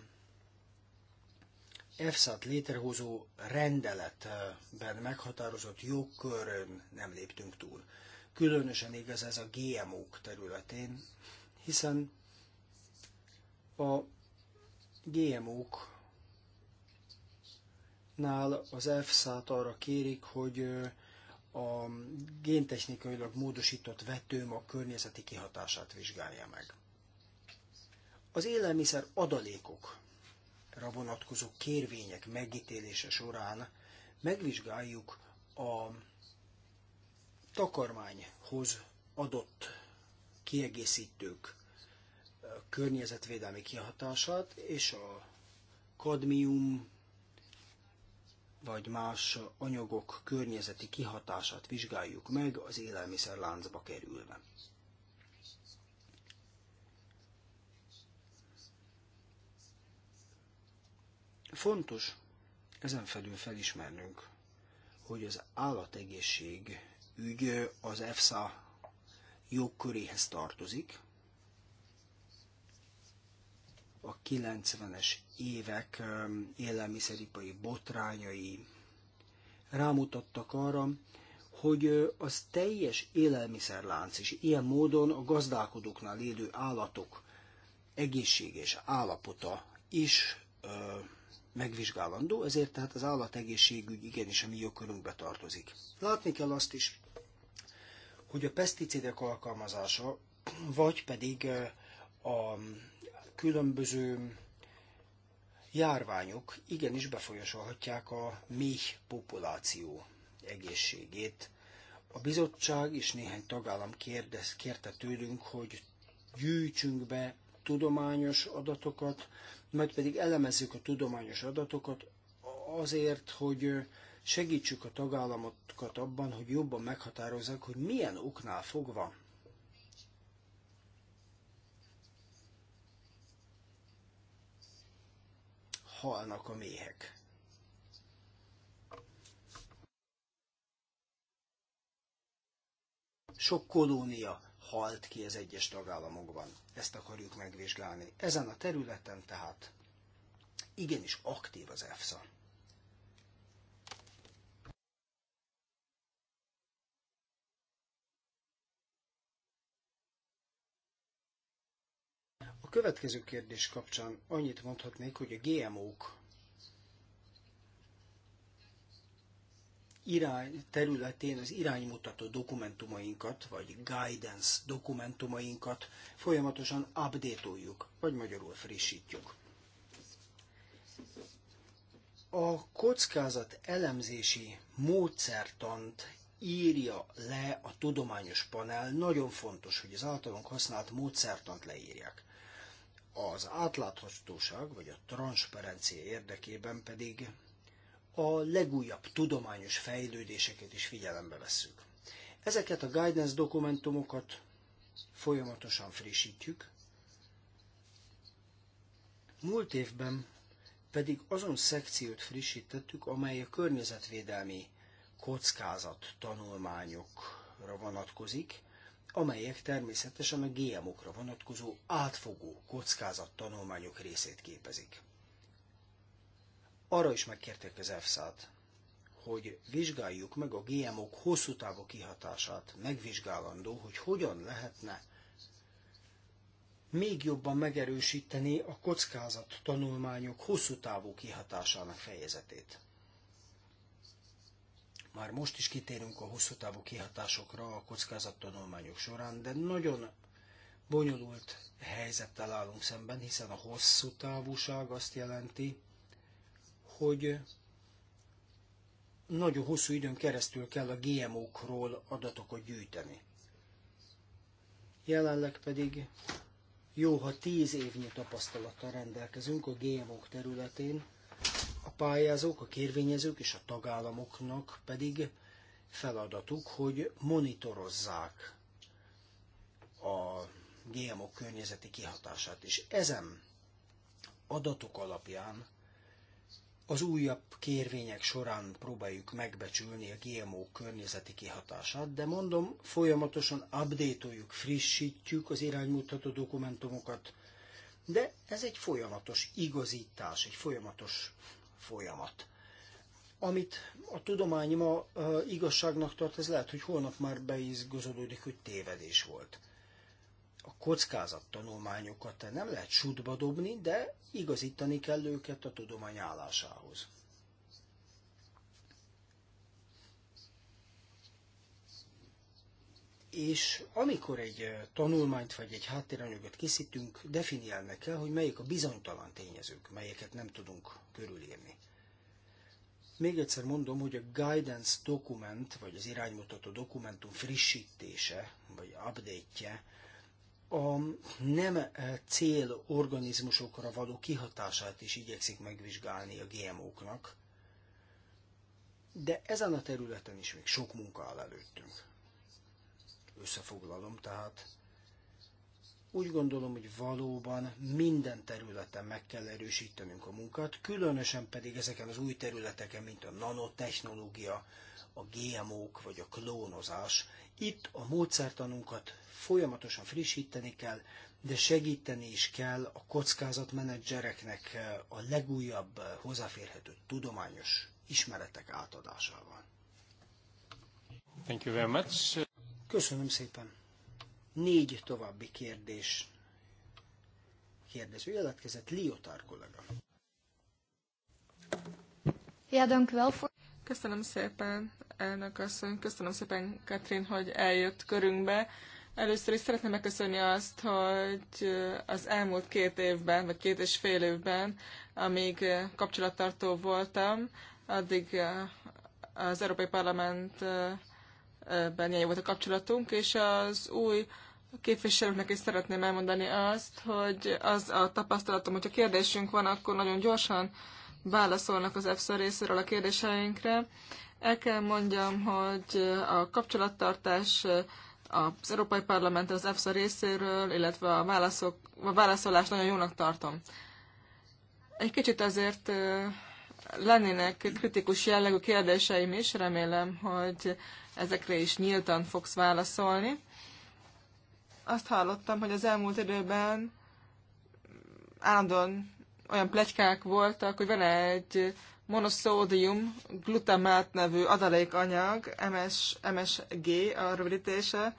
efsa létrehozó rendeletben meghatározott jogkörön nem léptünk túl. Különösen igaz ez a GMO-k területén, hiszen a GMO-k nál az EFSA-t arra kérik, hogy a géntechnikailag módosított vetőm a környezeti kihatását vizsgálja meg. Az élelmiszer adalékokra vonatkozó kérvények megítélése során megvizsgáljuk a takarmányhoz adott kiegészítők környezetvédelmi kihatását, és a kadmium vagy más anyagok környezeti kihatását vizsgáljuk meg az élelmiszerláncba kerülve. Fontos ezen felül felismernünk, hogy az állategészség ügy az EFSA jogköréhez tartozik. A 90-es évek um, élelmiszeripai botrányai rámutattak arra, hogy uh, az teljes élelmiszerlánc és ilyen módon a gazdálkodóknál élő állatok egészséges állapota is ö, uh, megvizsgálandó, ezért tehát az állategészségügy igenis a mi jogkörünkbe tartozik. Látni kell azt is, hogy a peszticidek alkalmazása, vagy pedig a különböző járványok igenis befolyásolhatják a méh populáció egészségét. A bizottság és néhány tagállam kérdez, kérte tőlünk, hogy gyűjtsünk be tudományos adatokat, majd pedig elemezzük a tudományos adatokat azért, hogy segítsük a tagállamokat abban, hogy jobban meghatározzák, hogy milyen oknál fogva halnak a méhek. Sok kolónia halt ki az egyes tagállamokban. Ezt akarjuk megvizsgálni. Ezen a területen tehát igenis aktív az EFSA. következő kérdés kapcsán annyit mondhatnék, hogy a GMO-k irány területén az iránymutató dokumentumainkat, vagy guidance dokumentumainkat folyamatosan update vagy magyarul frissítjük. A kockázat elemzési módszertant írja le a tudományos panel. Nagyon fontos, hogy az általunk használt módszertant leírják. Az átláthatóság, vagy a transzparencia érdekében pedig a legújabb tudományos fejlődéseket is figyelembe vesszük. Ezeket a guidance dokumentumokat folyamatosan frissítjük. Múlt évben pedig azon szekciót frissítettük, amely a környezetvédelmi kockázat tanulmányokra vonatkozik, amelyek természetesen a GMO-kra vonatkozó átfogó kockázattanulmányok részét képezik. Arra is megkérték az EFSA-t, hogy vizsgáljuk meg a GMO-k hosszú távú kihatását, megvizsgálandó, hogy hogyan lehetne még jobban megerősíteni a kockázat tanulmányok hosszú távú kihatásának fejezetét. Már most is kitérünk a hosszú távú kihatásokra a kockázattanulmányok során, de nagyon bonyolult helyzettel állunk szemben, hiszen a hosszú távúság azt jelenti, hogy nagyon hosszú időn keresztül kell a GMO-król adatokat gyűjteni. Jelenleg pedig jó, ha tíz évnyi tapasztalattal rendelkezünk a GMO-k területén, pályázók, a kérvényezők és a tagállamoknak pedig feladatuk, hogy monitorozzák a GMO környezeti kihatását. És ezen adatok alapján az újabb kérvények során próbáljuk megbecsülni a GMO környezeti kihatását, de mondom, folyamatosan updatoljuk, frissítjük az iránymutató dokumentumokat, de ez egy folyamatos igazítás, egy folyamatos folyamat. Amit a tudomány ma igazságnak tart, ez lehet, hogy holnap már beizgazodódik, hogy tévedés volt. A kockázattanulmányokat nem lehet sútba dobni, de igazítani kell őket a tudomány állásához. és amikor egy tanulmányt vagy egy háttéranyagot készítünk, definiálni kell, hogy melyik a bizonytalan tényezők, melyeket nem tudunk körülírni. Még egyszer mondom, hogy a guidance dokument, vagy az iránymutató dokumentum frissítése, vagy update-je a nem cél organizmusokra való kihatását is igyekszik megvizsgálni a GMO-knak, de ezen a területen is még sok munka áll előttünk. Összefoglalom tehát. Úgy gondolom, hogy valóban minden területen meg kell erősítenünk a munkát, különösen pedig ezeken az új területeken, mint a nanotechnológia, a GMO-k vagy a klónozás. Itt a módszertanunkat folyamatosan frissíteni kell, de segíteni is kell a kockázatmenedzsereknek a legújabb hozzáférhető tudományos ismeretek átadásával. Thank you very much. Köszönöm szépen. Négy további kérdés. Kérdező jelentkezett Liotár kollega. Ja, dank wel Köszönöm szépen, elnök asszony, köszönöm szépen, Katrin, hogy eljött körünkbe. Először is szeretném megköszönni azt, hogy eh, az elmúlt két évben, vagy két és fél évben, amíg eh, kapcsolattartó voltam, addig eh, az Európai Parlament ben ilyen volt a kapcsolatunk, és az új képviselőknek is szeretném elmondani azt, hogy az a tapasztalatom, hogyha kérdésünk van, akkor nagyon gyorsan válaszolnak az EFSA részéről a kérdéseinkre. El kell mondjam, hogy a kapcsolattartás az Európai Parlament az EFSA részéről, illetve a, válaszok, a válaszolás nagyon jónak tartom. Egy kicsit azért lennének kritikus jellegű kérdéseim is, remélem, hogy ezekre is nyíltan fogsz válaszolni. Azt hallottam, hogy az elmúlt időben állandóan olyan plegykák voltak, hogy van egy monoszódium glutamát nevű adalékanyag, MS, MSG a rövidítése,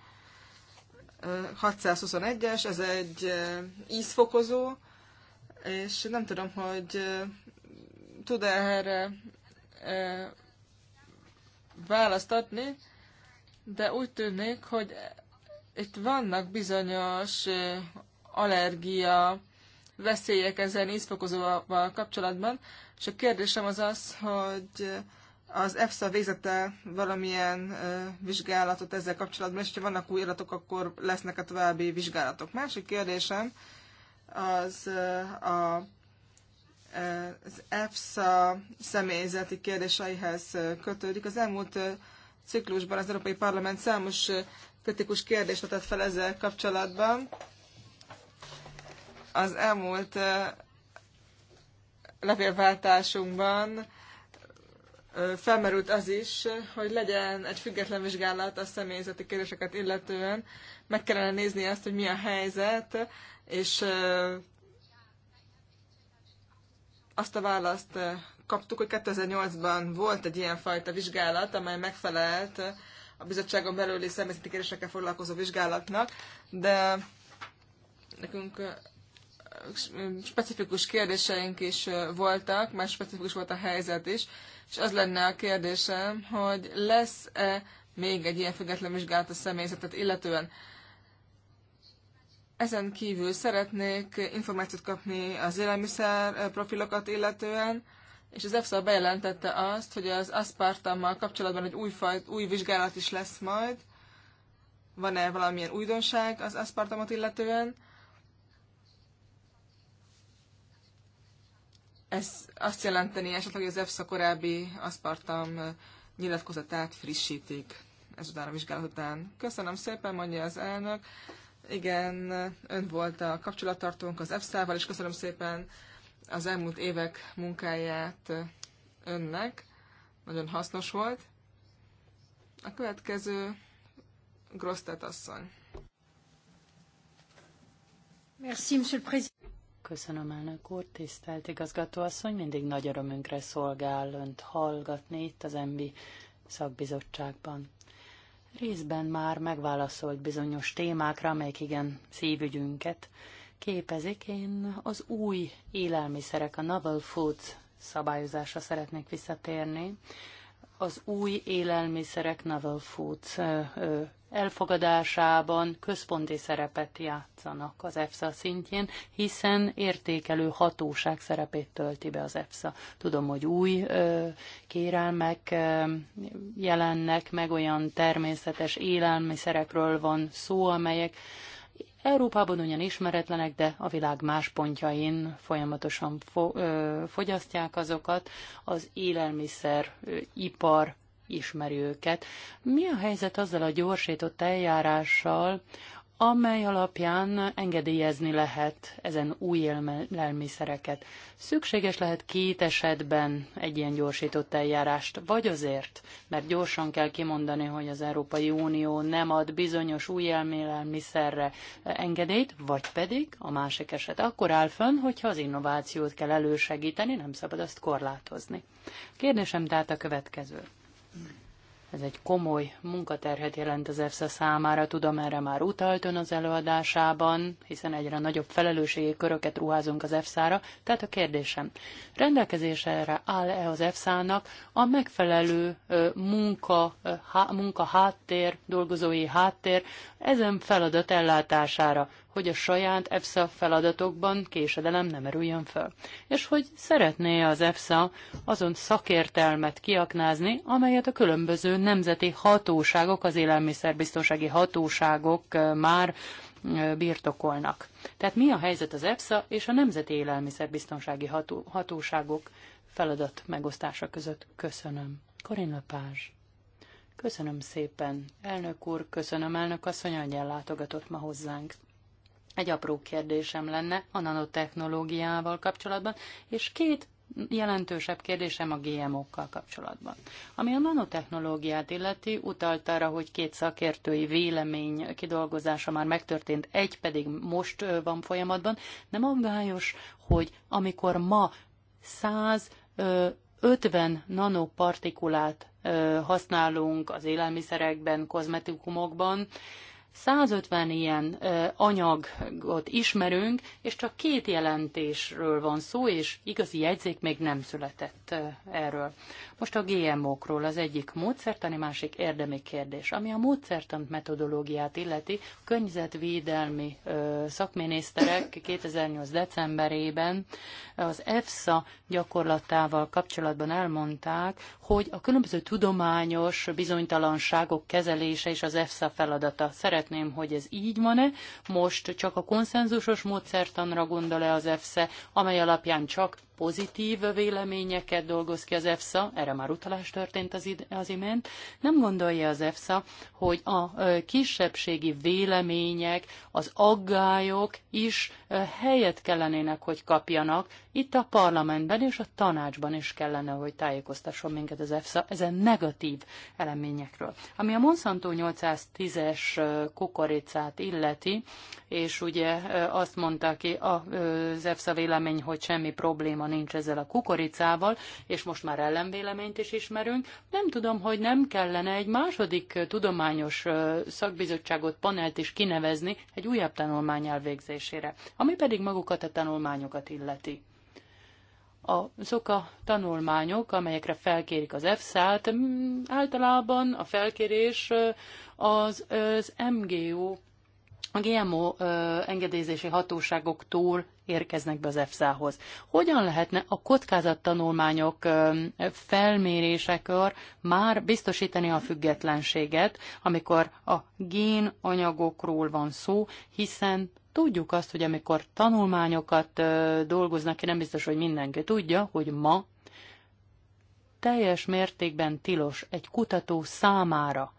621-es, ez egy eh, ízfokozó, és nem tudom, hogy eh, tud-e erre eh, választ adni, de úgy tűnik, hogy itt vannak bizonyos allergia veszélyek ezen ízfokozóval kapcsolatban, és a kérdésem az az, hogy az EFSA végzete valamilyen vizsgálatot ezzel kapcsolatban, és ha vannak új adatok, akkor lesznek a további vizsgálatok. Másik kérdésem az a az EFSA személyzeti kérdéseihez kötődik. Az elmúlt ciklusban az Európai Parlament számos kritikus kérdést vetett fel ezzel kapcsolatban. Az elmúlt levélváltásunkban felmerült az is, hogy legyen egy független vizsgálat a személyzeti kérdéseket illetően. Meg kellene nézni azt, hogy mi a helyzet, és azt a választ eh, kaptuk, hogy 2008-ban volt egy ilyen fajta vizsgálat, amely megfelelt eh, a bizottságon belüli személyzeti kérdésekkel foglalkozó vizsgálatnak, de nekünk eh, specifikus kérdéseink is voltak, más specifikus volt a helyzet is, és az lenne a kérdésem, hogy lesz-e még egy ilyen független vizsgálat a személyzetet illetően. Ezen kívül szeretnék információt kapni az élelmiszer eh, profilokat illetően, és az EFSA bejelentette azt, hogy az aspartammal kapcsolatban egy új, fajt, új vizsgálat is lesz majd. Van-e valamilyen újdonság az aspartamot illetően? Ez azt jelenteni esetleg, hogy az EFSA korábbi aspartam eh, nyilatkozatát frissítik ezután a vizsgálat után. Köszönöm szépen, mondja az elnök. Igen, ön volt a kapcsolattartónk az EFSA-val, és köszönöm szépen az elmúlt évek munkáját önnek. Nagyon hasznos volt. A következő Grosztet asszony. Merci, monsieur le président. Köszönöm, elnök úr, tisztelt igazgatóasszony, mindig nagy örömünkre szolgál önt hallgatni itt az MBI szakbizottságban részben már megválaszolt bizonyos témákra, amelyek igen szívügyünket képezik. Én az új élelmiszerek, a novel food szabályozásra szeretnék visszatérni. Az új élelmiszerek, novel food elfogadásában központi szerepet játszanak az EFSA szintjén, hiszen értékelő hatóság szerepét tölti be az EFSA. Tudom, hogy új ö, kérelmek ö, jelennek, meg olyan természetes élelmiszerekről van szó, amelyek Európában ugyan ismeretlenek, de a világ más pontjain folyamatosan fo- ö, fogyasztják azokat. Az élelmiszeripar ismeri őket. Mi a helyzet azzal a gyorsított eljárással, amely alapján engedélyezni lehet ezen új élelmiszereket. Szükséges lehet két esetben egy ilyen gyorsított eljárást, vagy azért, mert gyorsan kell kimondani, hogy az Európai Unió nem ad bizonyos új élelmiszerre engedélyt, vagy pedig a másik eset akkor áll fönn, hogyha az innovációt kell elősegíteni, nem szabad azt korlátozni. Kérdésem tehát a következő. Ez egy komoly munkaterhet jelent az EFSA számára, tudom, erre már utalt ön az előadásában, hiszen egyre nagyobb felelősségi köröket ruházunk az EFSA-ra, tehát a kérdésem, rendelkezésre áll-e az EFSA-nak a megfelelő munka, munka munkaháttér, dolgozói háttér ezen feladat ellátására? hogy a saját EFSA feladatokban késedelem nem erüljön fel, és hogy szeretné az EFSA azon szakértelmet kiaknázni, amelyet a különböző nemzeti hatóságok, az élelmiszerbiztonsági hatóságok már birtokolnak. Tehát mi a helyzet az EFSA és a Nemzeti Élelmiszerbiztonsági Ható- Hatóságok feladat megosztása között? Köszönöm. Karin Lepázs. Köszönöm szépen, elnök úr, köszönöm elnök asszony, hogy ellátogatott ma hozzánk. Egy apró kérdésem lenne a nanotechnológiával kapcsolatban, és két jelentősebb kérdésem a GMO-kkal kapcsolatban. Ami a nanotechnológiát illeti, utalt arra, hogy két szakértői vélemény kidolgozása már megtörtént, egy pedig most van folyamatban. Nem aggályos, hogy amikor ma 150 nanopartikulát használunk az élelmiszerekben, kozmetikumokban, 150 ilyen anyagot ismerünk, és csak két jelentésről van szó, és igazi jegyzék még nem született erről. Most a GMO-król az egyik módszertani, másik érdemi kérdés. Ami a módszertant metodológiát illeti, környezetvédelmi ö, szakminiszterek 2008. decemberében az EFSA gyakorlatával kapcsolatban elmondták, hogy a különböző tudományos bizonytalanságok kezelése és az EFSA feladata. Szeretném, hogy ez így van-e. Most csak a konszenzusos módszertanra gondol-e az EFSA, amely alapján csak pozitív véleményeket dolgoz ki az EFSA, erre már utalás történt az, id- az imént, nem gondolja az EFSA, hogy a kisebbségi vélemények, az aggályok is helyet kellenének, hogy kapjanak, itt a parlamentben és a tanácsban is kellene, hogy tájékoztasson minket az EFSA ezen negatív eleményekről. Ami a Monsanto 810-es kukoricát illeti, és ugye azt mondta ki az EFSA vélemény, hogy semmi probléma nincs ezzel a kukoricával, és most már ellenvéleményt is ismerünk. Nem tudom, hogy nem kellene egy második tudományos szakbizottságot, panelt is kinevezni egy újabb tanulmány elvégzésére, ami pedig magukat a tanulmányokat illeti azok a tanulmányok, amelyekre felkérik az EFSA-t, mm, általában a felkérés az, az MGO, a GMO engedélyzési hatóságoktól érkeznek be az EFSA-hoz. Hogyan lehetne a kockázattanulmányok felmérésekor már biztosítani a függetlenséget, amikor a génanyagokról van szó, hiszen tudjuk azt, hogy amikor tanulmányokat dolgoznak ki, nem biztos, hogy mindenki tudja, hogy ma teljes mértékben tilos egy kutató számára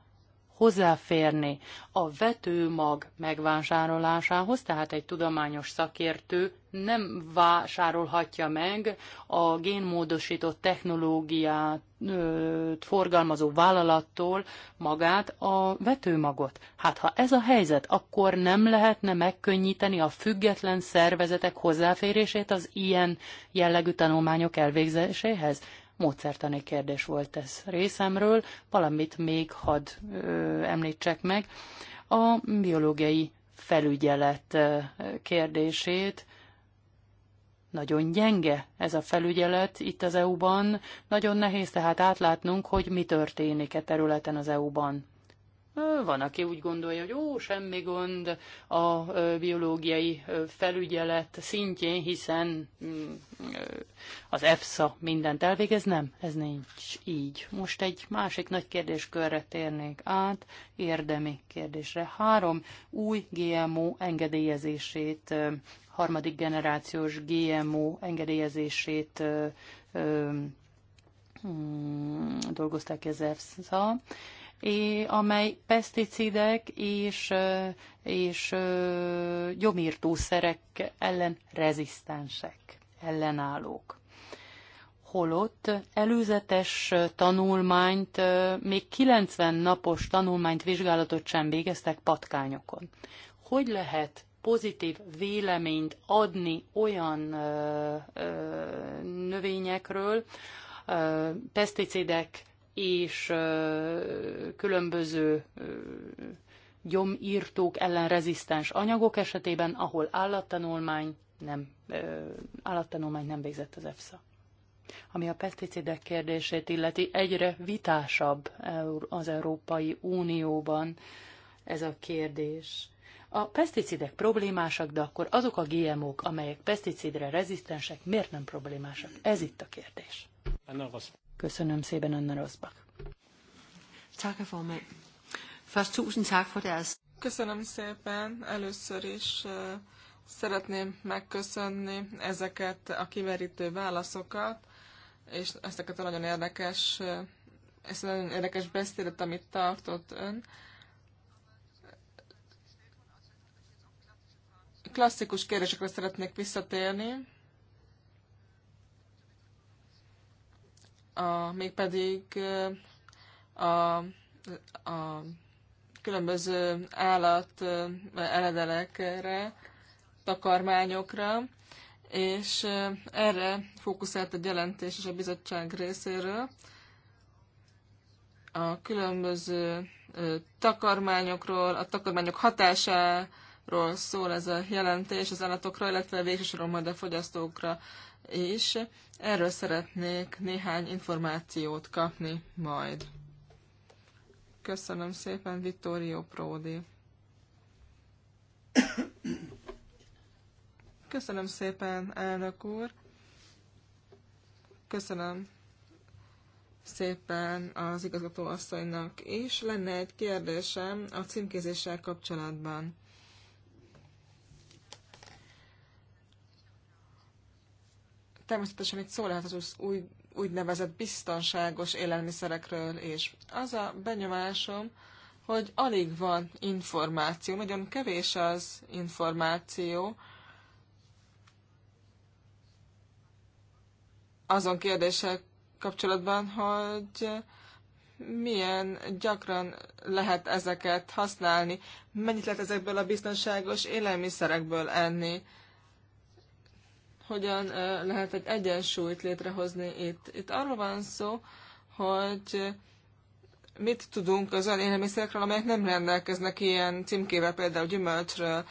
hozzáférni a vetőmag megvásárolásához, tehát egy tudományos szakértő nem vásárolhatja meg a génmódosított technológiát ö, forgalmazó vállalattól magát a vetőmagot. Hát ha ez a helyzet, akkor nem lehetne megkönnyíteni a független szervezetek hozzáférését az ilyen jellegű tanulmányok elvégzéséhez? módszertani kérdés volt ez részemről, valamit még hadd említsek meg, a biológiai felügyelet kérdését, nagyon gyenge ez a felügyelet itt az EU-ban, nagyon nehéz tehát átlátnunk, hogy mi történik e területen az EU-ban. Van, aki úgy gondolja, hogy ó, semmi gond a biológiai felügyelet szintjén, hiszen mm, az EFSA mindent elvégez. Nem, ez nincs így. Most egy másik nagy kérdéskörre térnék át, érdemi kérdésre. Három új GMO engedélyezését, harmadik generációs GMO engedélyezését mm, dolgozták az EFSA amely peszticidek és, és gyomírtószerek ellen rezisztensek, ellenállók holott előzetes tanulmányt, még 90 napos tanulmányt, vizsgálatot sem végeztek patkányokon. Hogy lehet pozitív véleményt adni olyan ö, ö, növényekről, ö, peszticidek és különböző gyomírtók ellen rezisztens anyagok esetében, ahol állattanulmány nem, állattanulmány nem végzett az EFSA. Ami a peszticidek kérdését illeti, egyre vitásabb az Európai Unióban ez a kérdés. A peszticidek problémásak, de akkor azok a GMO-k, amelyek peszticidre rezisztensek, miért nem problémásak? Ez itt a kérdés. Köszönöm szépen, Anna Rosbach. Köszönöm szépen. Először is uh, szeretném megköszönni ezeket a kimerítő válaszokat, és ezeket a nagyon érdekes, ezt a nagyon érdekes beszédet, amit tartott ön. Klasszikus kérdésekre szeretnék visszatérni. a, mégpedig a, a különböző állat eledelekre, takarmányokra, és erre fókuszált a jelentés és a bizottság részéről. A különböző takarmányokról, a takarmányok hatásáról szól ez a jelentés az állatokra, illetve végsősorban majd a fogyasztókra és erről szeretnék néhány információt kapni majd. Köszönöm szépen, Vittorio Prodi. Köszönöm szépen, elnök úr. Köszönöm szépen az igazgató asszonynak is. Lenne egy kérdésem a címkézéssel kapcsolatban. Természetesen itt szó lehet az új, úgynevezett biztonságos élelmiszerekről, és az a benyomásom, hogy alig van információ, nagyon kevés az információ azon kérdések kapcsolatban, hogy milyen gyakran lehet ezeket használni, mennyit lehet ezekből a biztonságos élelmiszerekből enni hogyan lehet egy egyensúlyt létrehozni itt. Itt arról van szó, hogy mit tudunk az olyan élelmiszerekről, amelyek nem rendelkeznek ilyen címkével, például gyümölcsről,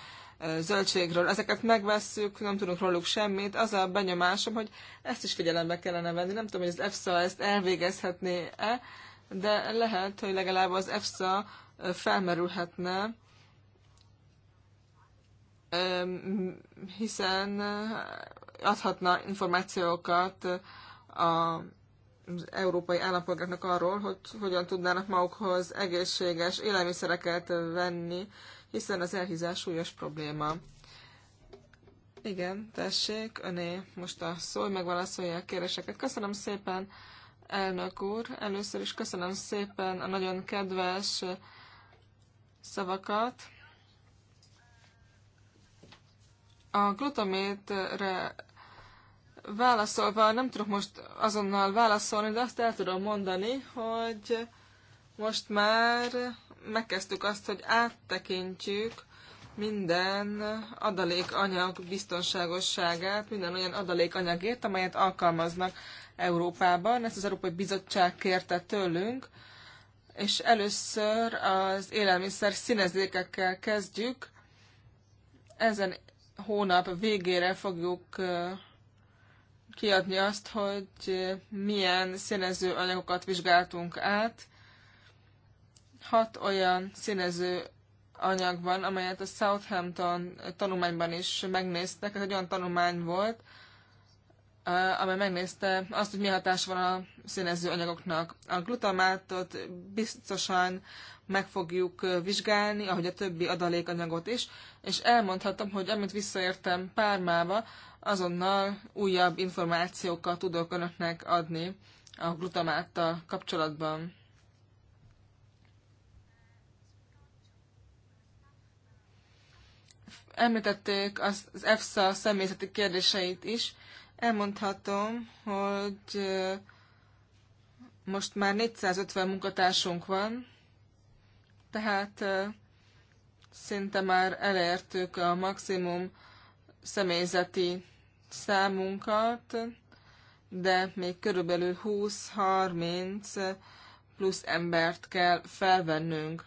zöldségről. Ezeket megvesszük, nem tudunk róluk semmit. Az a benyomásom, hogy ezt is figyelembe kellene venni. Nem tudom, hogy az EFSA ezt elvégezhetné-e, de lehet, hogy legalább az EFSA felmerülhetne hiszen eh, adhatna információkat eh, az európai állampolgárnak arról, hogy hogyan tudnának magukhoz egészséges élelmiszereket venni, hiszen az elhízás súlyos probléma. Igen, tessék, öné most a szó, hogy megválaszolja a kéréseket. Köszönöm szépen, elnök úr. Először is köszönöm szépen a nagyon kedves szavakat. A glutamétre válaszolva nem tudok most azonnal válaszolni, de azt el tudom mondani, hogy most már megkezdtük azt, hogy áttekintjük minden adalékanyag biztonságosságát, minden olyan adalékanyagért, amelyet alkalmaznak Európában. Ezt az Európai Bizottság kérte tőlünk, és először az élelmiszer színezékekkel kezdjük. Ezen hónap végére fogjuk kiadni azt, hogy milyen színező anyagokat vizsgáltunk át. Hat olyan színező anyag van, amelyet a Southampton tanulmányban is megnéztek. Ez egy olyan tanulmány volt, Eh, amely megnézte azt, hogy mi hatás van a színező anyagoknak. A glutamátot biztosan meg fogjuk eh, vizsgálni, ahogy a többi adalékanyagot is, és elmondhatom, hogy amit visszaértem Pármába, azonnal újabb információkat tudok önöknek adni a glutamáttal kapcsolatban. Említették az EFSA személyzeti kérdéseit is, Elmondhatom, hogy most már 450 munkatársunk van, tehát szinte már elértük a maximum személyzeti számunkat, de még körülbelül 20-30 plusz embert kell felvennünk.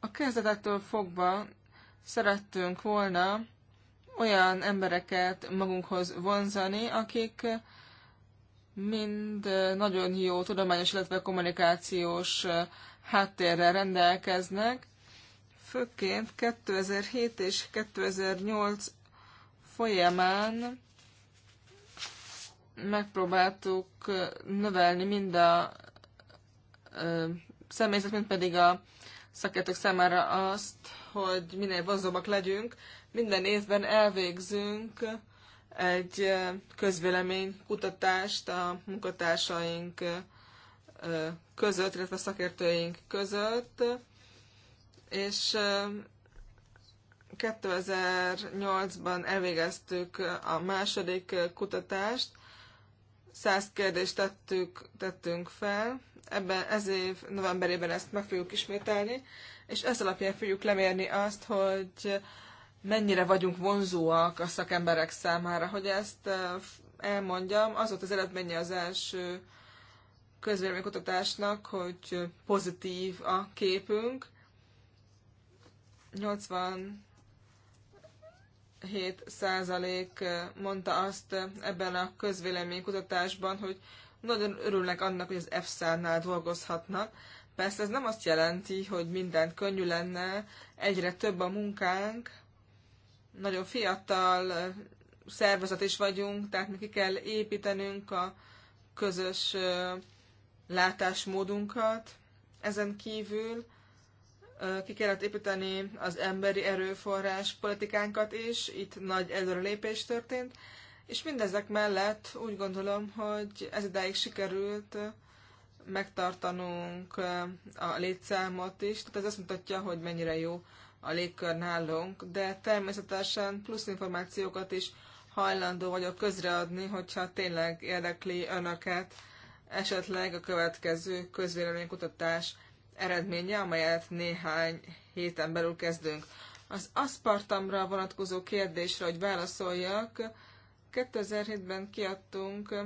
A kezdetektől fogva szerettünk volna olyan embereket magunkhoz vonzani, akik mind nagyon jó tudományos, illetve kommunikációs háttérrel rendelkeznek. Főként 2007 és 2008 folyamán megpróbáltuk növelni mind a személyzet, mind pedig a szakértők számára azt, hogy minél vonzóbbak legyünk. Minden évben elvégzünk egy kutatást a munkatársaink között, illetve a szakértőink között, és 2008-ban elvégeztük a második kutatást, száz kérdést tettük, tettünk fel, ebben ez év novemberében ezt meg fogjuk ismételni, és ez alapján fogjuk lemérni azt, hogy mennyire vagyunk vonzóak a szakemberek számára. Hogy ezt elmondjam, az volt az eredménye az első közvéleménykutatásnak, hogy pozitív a képünk. 87 százalék mondta azt ebben a közvéleménykutatásban, hogy nagyon örülnek annak, hogy az f nál dolgozhatnak. Persze ez nem azt jelenti, hogy mindent könnyű lenne, egyre több a munkánk, nagyon fiatal szervezet is vagyunk, tehát neki kell építenünk a közös látásmódunkat. Ezen kívül ki kellett építeni az emberi erőforrás politikánkat is, itt nagy előrelépés történt, és mindezek mellett úgy gondolom, hogy ez idáig sikerült megtartanunk a létszámot is, tehát ez azt mutatja, hogy mennyire jó a légkör nálunk, de természetesen plusz információkat is hajlandó vagyok közreadni, hogyha tényleg érdekli önöket esetleg a következő közvéleménykutatás eredménye, amelyet néhány héten belül kezdünk. Az aszpartamra vonatkozó kérdésre, hogy válaszoljak, 2007-ben kiadtunk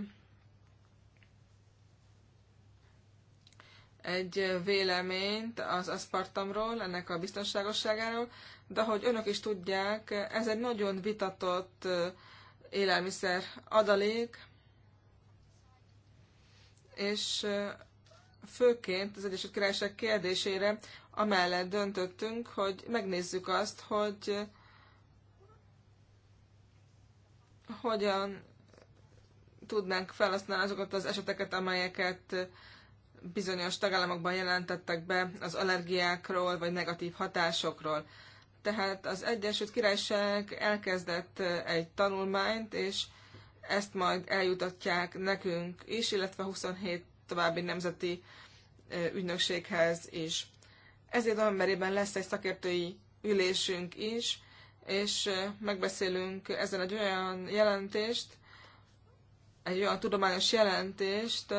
egy véleményt az aszpartamról, ennek a biztonságosságáról, de ahogy önök is tudják, ez egy nagyon vitatott élelmiszer adalék, és főként az Egyesült Királyság kérdésére amellett döntöttünk, hogy megnézzük azt, hogy hogyan tudnánk felhasználni azokat az eseteket, amelyeket bizonyos tagállamokban jelentettek be az allergiákról vagy negatív hatásokról. Tehát az Egyesült Királyság elkezdett egy tanulmányt, és ezt majd eljutatják nekünk is, illetve 27 további nemzeti ügynökséghez is. Ezért novemberében lesz egy szakértői ülésünk is, és megbeszélünk ezen egy olyan jelentést, egy olyan tudományos jelentést,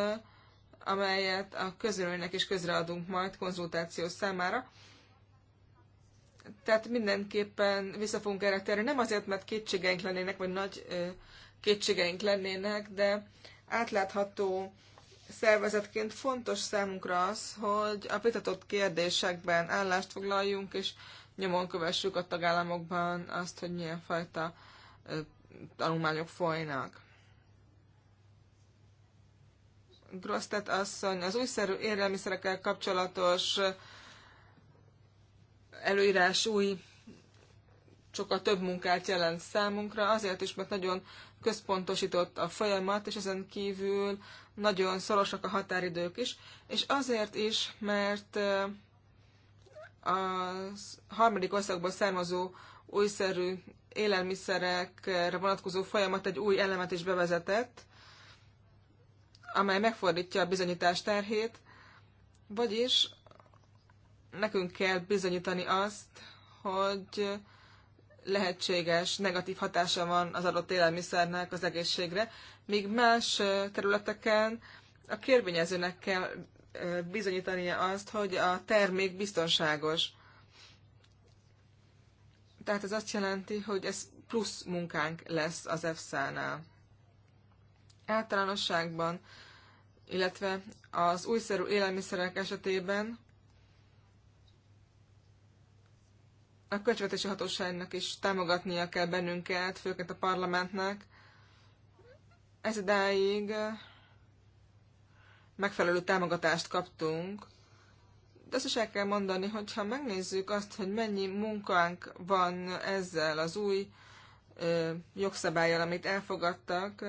amelyet a közülőnek is közreadunk majd konzultáció számára. Tehát mindenképpen vissza fogunk erre térni, nem azért, mert kétségeink lennének, vagy nagy kétségeink lennének, de átlátható szervezetként fontos számunkra az, hogy a vitatott kérdésekben állást foglaljunk, és nyomon kövessük a tagállamokban azt, hogy milyen fajta tanulmányok folynak. Grosztet asszony, az újszerű élelmiszerekkel kapcsolatos előírás új, sokkal több munkát jelent számunkra, azért is, mert nagyon központosított a folyamat, és ezen kívül nagyon szorosak a határidők is, és azért is, mert a harmadik országból származó újszerű élelmiszerekre vonatkozó folyamat egy új elemet is bevezetett, amely megfordítja a bizonyítás terhét, vagyis nekünk kell bizonyítani azt, hogy lehetséges negatív hatása van az adott élelmiszernek az egészségre, míg más területeken a kérvényezőnek kell bizonyítania azt, hogy a termék biztonságos. Tehát ez azt jelenti, hogy ez plusz munkánk lesz az EFSA-nál. Általánosságban, illetve az újszerű élelmiszerek esetében a költségvetési hatóságnak is támogatnia kell bennünket, főként a parlamentnek. Ez idáig megfelelő támogatást kaptunk. De azt is el kell mondani, hogy ha megnézzük azt, hogy mennyi munkánk van ezzel az új ö, jogszabályjal, amit elfogadtak,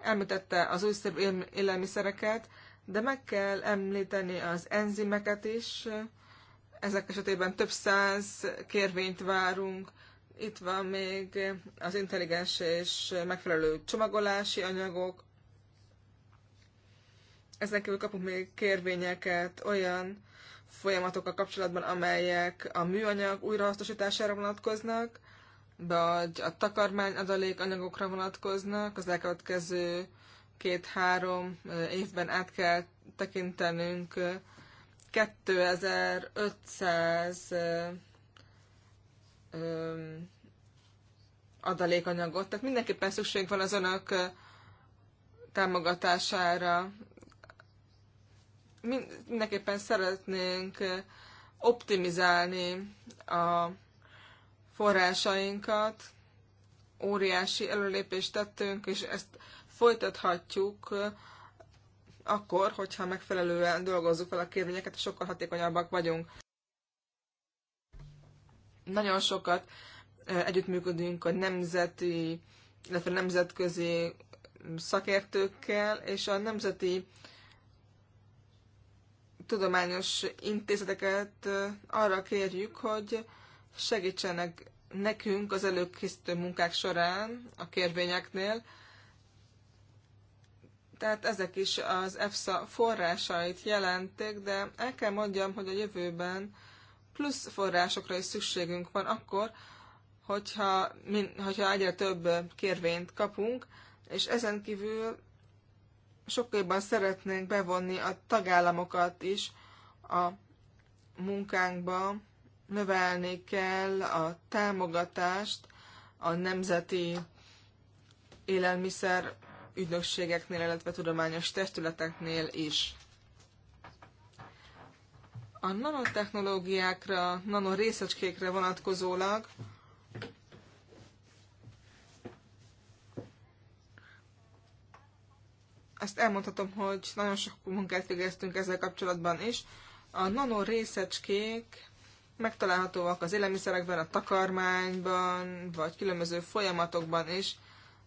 említette az újszerű élelmiszereket, de meg kell említeni az enzimeket is. Ezek esetében több száz kérvényt várunk. Itt van még az intelligens és megfelelő csomagolási anyagok, ezen kívül kapunk még kérvényeket olyan folyamatokkal kapcsolatban, amelyek a műanyag újrahasznosítására vonatkoznak, vagy a takarmány adalék anyagokra vonatkoznak. Az elkövetkező két-három eh, évben át kell tekintenünk 2500 eh, eh, adalékanyagot. Tehát mindenképpen szükség van az önök támogatására mindenképpen szeretnénk optimizálni a forrásainkat. Óriási előlépést tettünk, és ezt folytathatjuk akkor, hogyha megfelelően dolgozzuk fel a kérvényeket, sokkal hatékonyabbak vagyunk. Nagyon sokat együttműködünk a nemzeti, illetve nemzetközi szakértőkkel, és a nemzeti tudományos intézeteket arra kérjük, hogy segítsenek nekünk az előkészítő munkák során a kérvényeknél. Tehát ezek is az EFSA forrásait jelentik, de el kell mondjam, hogy a jövőben plusz forrásokra is szükségünk van akkor, hogyha, min, hogyha egyre több kérvényt kapunk, és ezen kívül sokkal jobban szeretnénk bevonni a tagállamokat is a munkánkba, növelni kell a támogatást a nemzeti élelmiszer ügynökségeknél, illetve tudományos testületeknél is. A nanotechnológiákra, nanorészecskékre vonatkozólag azt elmondhatom, hogy nagyon sok munkát végeztünk ezzel kapcsolatban is. A nano részecskék megtalálhatóak az élelmiszerekben, a takarmányban, vagy különböző folyamatokban is,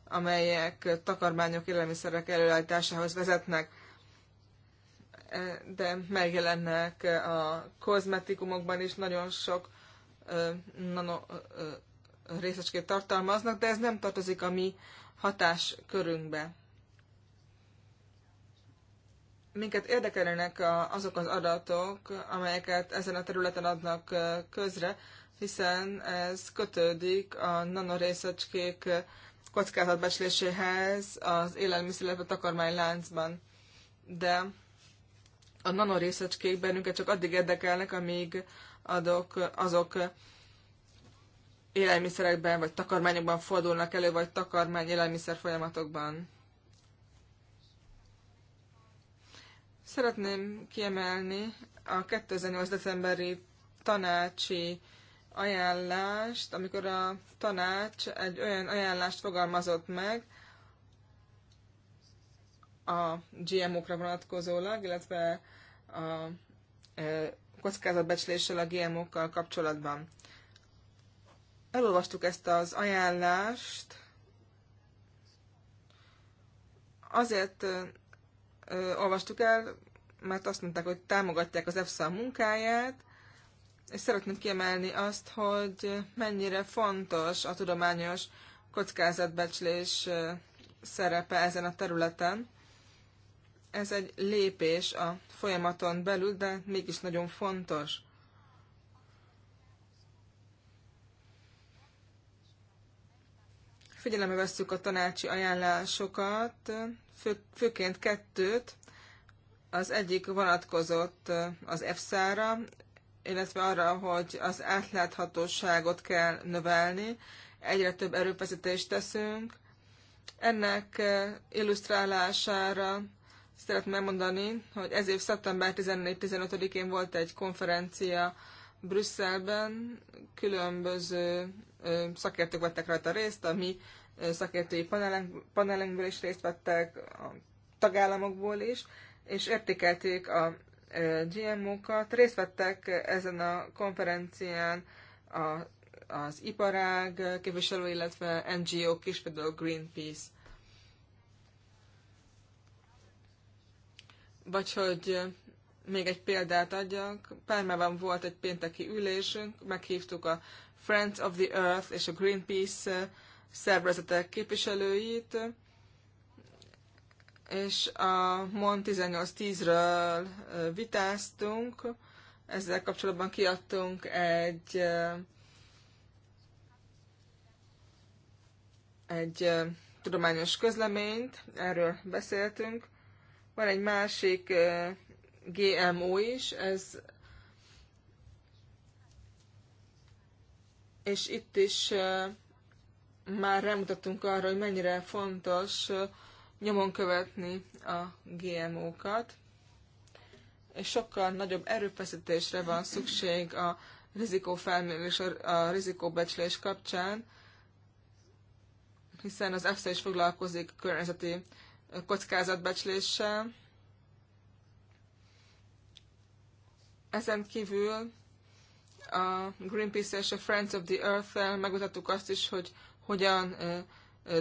amelyek takarmányok élelmiszerek előállításához vezetnek, e, de megjelennek a kozmetikumokban is nagyon sok nano részecskét tartalmaznak, de ez nem tartozik a mi hatáskörünkbe minket érdekelnek azok az adatok, amelyeket ezen a területen adnak közre, hiszen ez kötődik a nanorészecskék kockázatbecsléséhez az élelmiszer, illetve takarmányláncban. De a nanorészecskék bennünket csak addig érdekelnek, amíg adok, azok élelmiszerekben vagy takarmányokban fordulnak elő, vagy takarmány élelmiszer folyamatokban. Szeretném kiemelni a 2008. decemberi tanácsi ajánlást, amikor a tanács egy olyan ajánlást fogalmazott meg a GMO-kra vonatkozólag, illetve a e, kockázatbecsléssel a GMO-kkal kapcsolatban. Elolvastuk ezt az ajánlást, azért ö, olvastuk el, mert azt mondták, hogy támogatják az EFSA munkáját, és szeretném kiemelni azt, hogy mennyire fontos a tudományos kockázatbecslés szerepe ezen a területen. Ez egy lépés a folyamaton belül, de mégis nagyon fontos. Figyelembe vesszük a tanácsi ajánlásokat, fő, főként kettőt. Az egyik vonatkozott az EFSA-ra, illetve arra, hogy az átláthatóságot kell növelni, egyre több erőfeszítést teszünk. Ennek illusztrálására szeretném megmondani, hogy ez év szeptember 14-15-én volt egy konferencia Brüsszelben, különböző szakértők vettek rajta részt, a mi szakértői panelekből is részt vettek, a tagállamokból is, és értékelték a GMO-kat, részt vettek ezen a konferencián a, az iparág képviselő, illetve NGO-k is, például Greenpeace. Vagy hogy még egy példát adjak, Pármában volt egy pénteki ülésünk, meghívtuk a Friends of the Earth és a Greenpeace szervezetek képviselőit, és a MON 1810-ről vitáztunk, ezzel kapcsolatban kiadtunk egy egy tudományos közleményt, erről beszéltünk. Van egy másik GMO is, ez és itt is már rámutattunk arra, hogy mennyire fontos nyomon követni a GMO-kat, és sokkal nagyobb erőfeszítésre van szükség a rizikófelmérés, a rizikóbecslés kapcsán, hiszen az EFSA is foglalkozik környezeti kockázatbecsléssel. Ezen kívül a Greenpeace és a Friends of the Earth-el megmutattuk azt is, hogy hogyan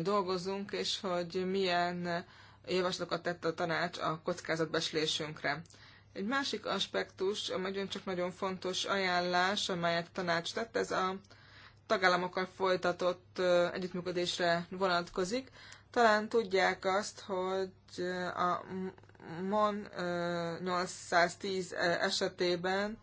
dolgozzunk, és hogy milyen javaslatokat tett a tanács a kockázatbeslésünkre. Egy másik aspektus, amely csak nagyon fontos ajánlás, amelyet a tanács tett, ez a tagállamokkal folytatott együttműködésre vonatkozik. Talán tudják azt, hogy a MON 810 esetében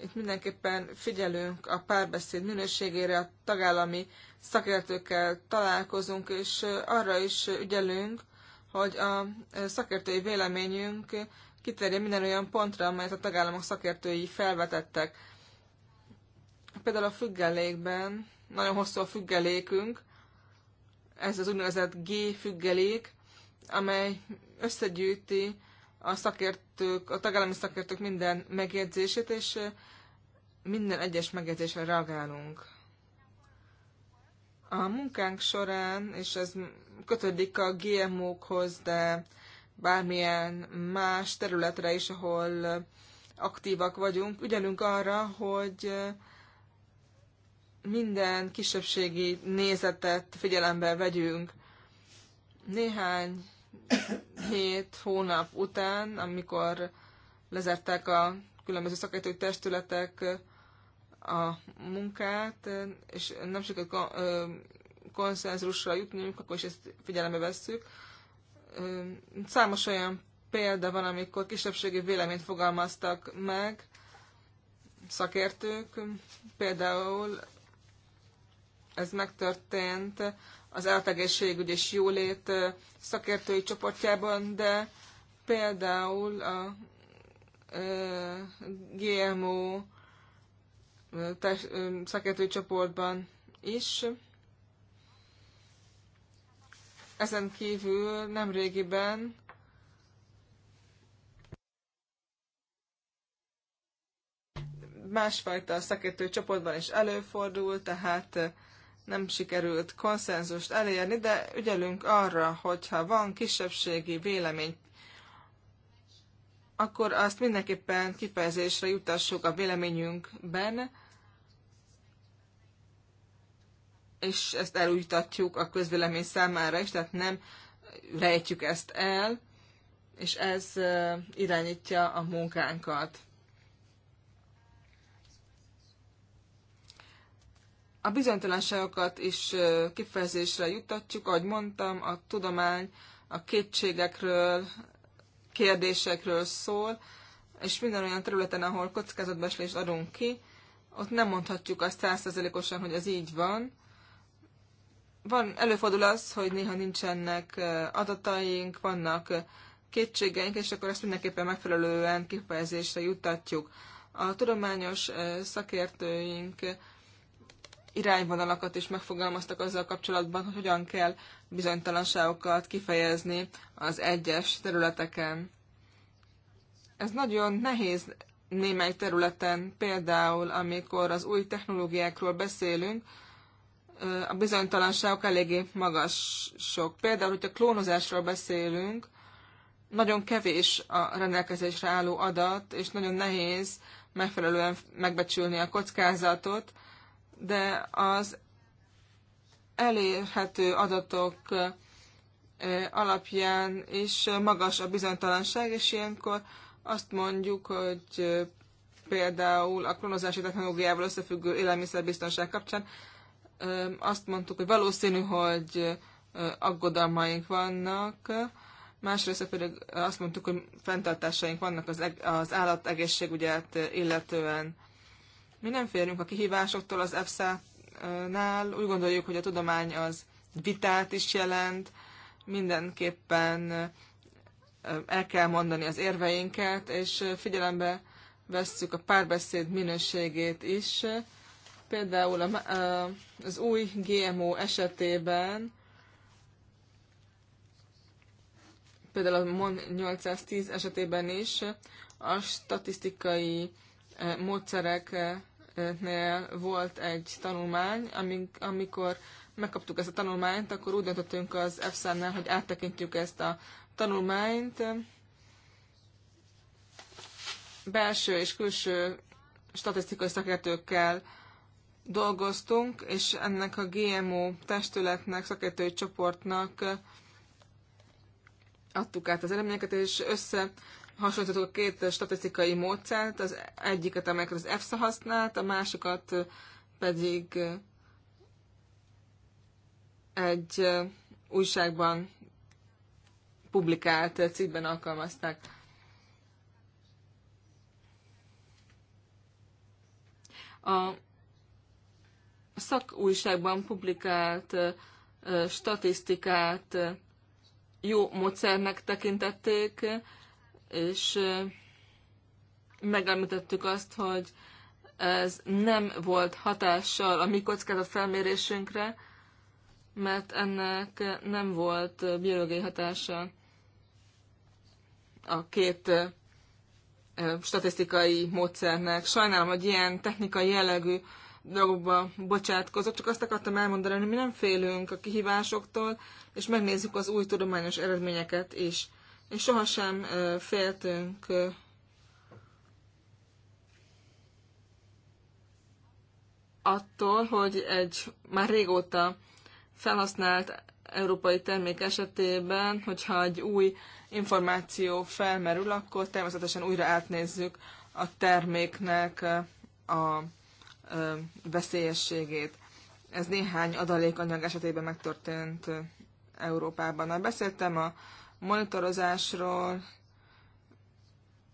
itt mindenképpen figyelünk a párbeszéd minőségére, a tagállami szakértőkkel találkozunk, és arra is ügyelünk, hogy a szakértői véleményünk kiterjed minden olyan pontra, amelyet a tagállamok szakértői felvetettek. Például a függelékben, nagyon hosszú a függelékünk, ez az úgynevezett G függelék, amely összegyűjti a szakértők, a tagállami szakértők minden megjegyzését, és minden egyes megjegyzésre reagálunk. A munkánk során, és ez kötődik a GMO-khoz, de bármilyen más területre is, ahol aktívak vagyunk, ügyelünk arra, hogy minden kisebbségi nézetet figyelembe vegyünk. Néhány hét hónap után, amikor lezárták a különböző szakértői testületek eh, a munkát, eh, és nem sikerült eh, konszenzusra jutniuk, akkor is ezt figyelembe vesszük. Számos olyan példa van, amikor kisebbségi véleményt fogalmaztak meg szakértők. Például ez megtörtént az állategészségügy és jólét szakértői csoportjában, de például a GMO szakértői csoportban is. Ezen kívül nem régiben másfajta szakértői csoportban is előfordul, tehát nem sikerült konszenzust elérni, de ügyelünk arra, hogyha van kisebbségi vélemény, akkor azt mindenképpen kifejezésre jutassuk a véleményünkben, és ezt elújtatjuk a közvélemény számára is, tehát nem rejtjük ezt el, és ez irányítja a munkánkat. a bizonytalanságokat is kifejezésre juttatjuk, ahogy mondtam, a tudomány a kétségekről, kérdésekről szól, és minden olyan területen, ahol kockázatbeslést adunk ki, ott nem mondhatjuk azt százszerzelékosan, hogy ez így van. Van, előfordul az, hogy néha nincsenek adataink, vannak kétségeink, és akkor ezt mindenképpen megfelelően kifejezésre juttatjuk. A tudományos szakértőink irányvonalakat is megfogalmaztak azzal kapcsolatban, hogy hogyan kell bizonytalanságokat kifejezni az egyes területeken. Ez nagyon nehéz némely területen, például amikor az új technológiákról beszélünk, a bizonytalanságok eléggé magasok. Például, hogyha klónozásról beszélünk, nagyon kevés a rendelkezésre álló adat, és nagyon nehéz megfelelően megbecsülni a kockázatot, de az elérhető adatok alapján is magas a bizonytalanság, és ilyenkor azt mondjuk, hogy például a klonozási technológiával összefüggő élelmiszerbiztonság kapcsán azt mondtuk, hogy valószínű, hogy aggodalmaink vannak, másrészt pedig azt mondtuk, hogy fenntartásaink vannak az, az állategészségügyet illetően. Mi nem férünk a kihívásoktól az EFSA-nál, úgy gondoljuk, hogy a tudomány az vitát is jelent, mindenképpen el kell mondani az érveinket, és figyelembe vesszük a párbeszéd minőségét is. Például az új GMO esetében, például a MON 810 esetében is a statisztikai módszerek nél volt egy tanulmány, amik amikor megkaptuk ezt a tanulmányt, akkor úgy döntöttünk az EFSA-nál, hogy áttekintjük ezt a tanulmányt. Belső és külső statisztikai szakértőkkel dolgoztunk, és ennek a GMO testületnek, szakértői csoportnak adtuk át az eredményeket, és össze hasonlítottuk a két statisztikai módszert, az egyiket, amelyeket az EFSA használt, a másikat pedig egy újságban publikált cikkben alkalmazták. A szakújságban publikált statisztikát jó módszernek tekintették, és megemlítettük azt, hogy ez nem volt hatással a mi kockázat felmérésünkre, mert ennek nem volt biológiai hatása a két statisztikai módszernek. Sajnálom, hogy ilyen technikai jellegű dolgokba bocsátkozok, csak azt akartam elmondani, hogy mi nem félünk a kihívásoktól, és megnézzük az új tudományos eredményeket is és sohasem féltünk attól, hogy egy már régóta felhasznált európai termék esetében, hogyha egy új információ felmerül, akkor természetesen újra átnézzük a terméknek a veszélyességét. Ez néhány adalékanyag esetében megtörtént Európában. Már beszéltem a monitorozásról,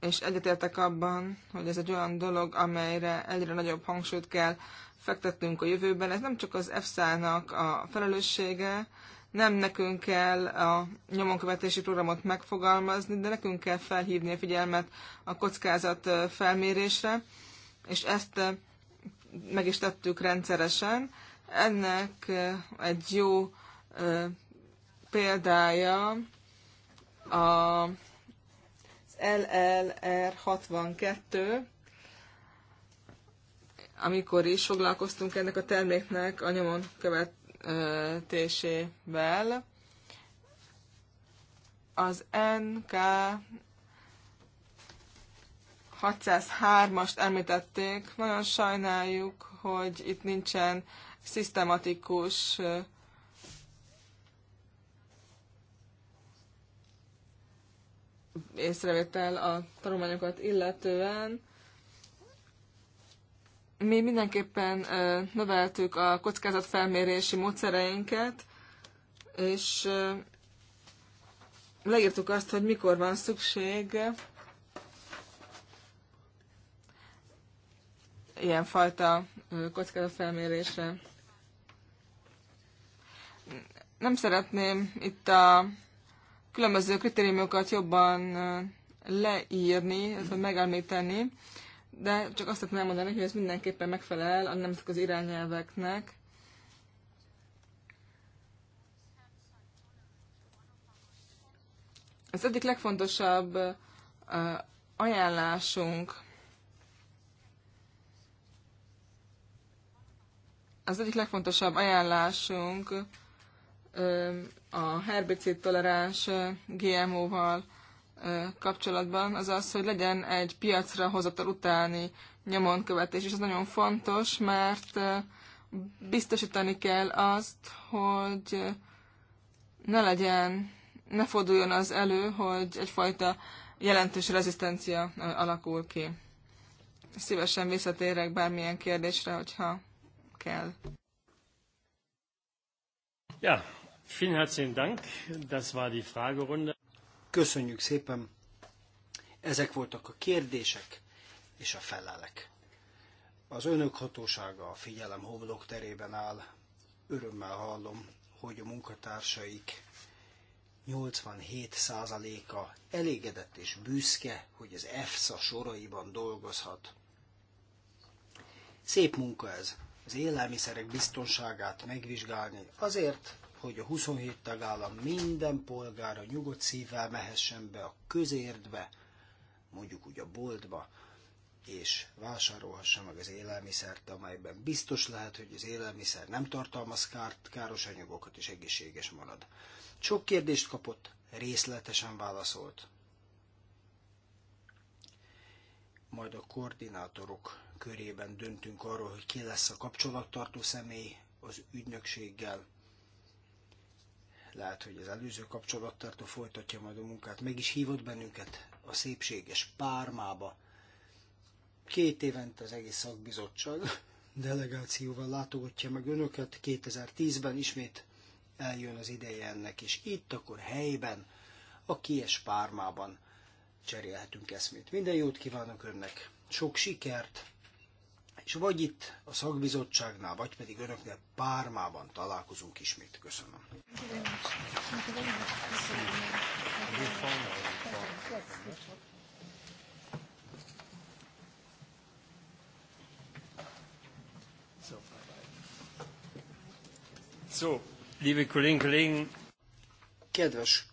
és egyetértek abban, hogy ez egy olyan dolog, amelyre egyre nagyobb hangsúlyt kell fektetnünk a jövőben. Ez nem csak az EFSA-nak a felelőssége, nem nekünk kell a nyomonkövetési programot megfogalmazni, de nekünk kell felhívni a figyelmet a kockázat felmérésre, és ezt meg is tettük rendszeresen. Ennek egy jó példája a az LLR 62, amikor is foglalkoztunk ennek a terméknek a nyomon követésével, az NK 603-ast említették. Nagyon sajnáljuk, hogy itt nincsen szisztematikus észrevétel a tanulmányokat illetően. Mi mindenképpen növeltük a kockázatfelmérési módszereinket, és leírtuk azt, hogy mikor van szükség ilyenfajta kockázatfelmérésre. Nem szeretném itt a különböző kritériumokat jobban leírni, vagy mhm. megemlíteni, de csak azt nem elmondani, hogy ez mindenképpen megfelel a nemzetközi irányelveknek, Az egyik legfontosabb ajánlásunk, az egyik legfontosabb ajánlásunk a herbicid toleráns GMO-val kapcsolatban, az az, hogy legyen egy piacra hozatal utáni nyomonkövetés, és ez nagyon fontos, mert biztosítani kell azt, hogy ne legyen, ne forduljon az elő, hogy egyfajta jelentős rezisztencia alakul ki. Szívesen visszatérek bármilyen kérdésre, hogyha kell. Ja, Köszönjük szépen. Ezek voltak a kérdések és a felelek. Az önök hatósága a figyelem homlok terében áll. Örömmel hallom, hogy a munkatársaik 87%-a elégedett és büszke, hogy az EFSA soraiban dolgozhat. Szép munka ez, az élelmiszerek biztonságát megvizsgálni, azért, hogy a 27 tagállam minden polgára nyugodt szívvel mehessen be a közértbe, mondjuk úgy a boltba, és vásárolhassa meg az élelmiszert, amelyben biztos lehet, hogy az élelmiszer nem tartalmaz kárt, káros anyagokat és egészséges marad. Sok kérdést kapott, részletesen válaszolt. Majd a koordinátorok körében döntünk arról, hogy ki lesz a kapcsolattartó személy az ügynökséggel, lehet, hogy az előző kapcsolattartó folytatja majd a munkát, meg is hívott bennünket a szépséges pármába. Két évent az egész szakbizottság delegációval látogatja meg önöket, 2010-ben ismét eljön az ideje ennek, és itt akkor helyben, a Kies Pármában cserélhetünk eszmét. Minden jót kívánok önnek, sok sikert, és vagy itt a szakbizottságnál, vagy pedig önöknél Pármában találkozunk ismét. Köszönöm. So, liebe Kollegen, Kollegen. Kedves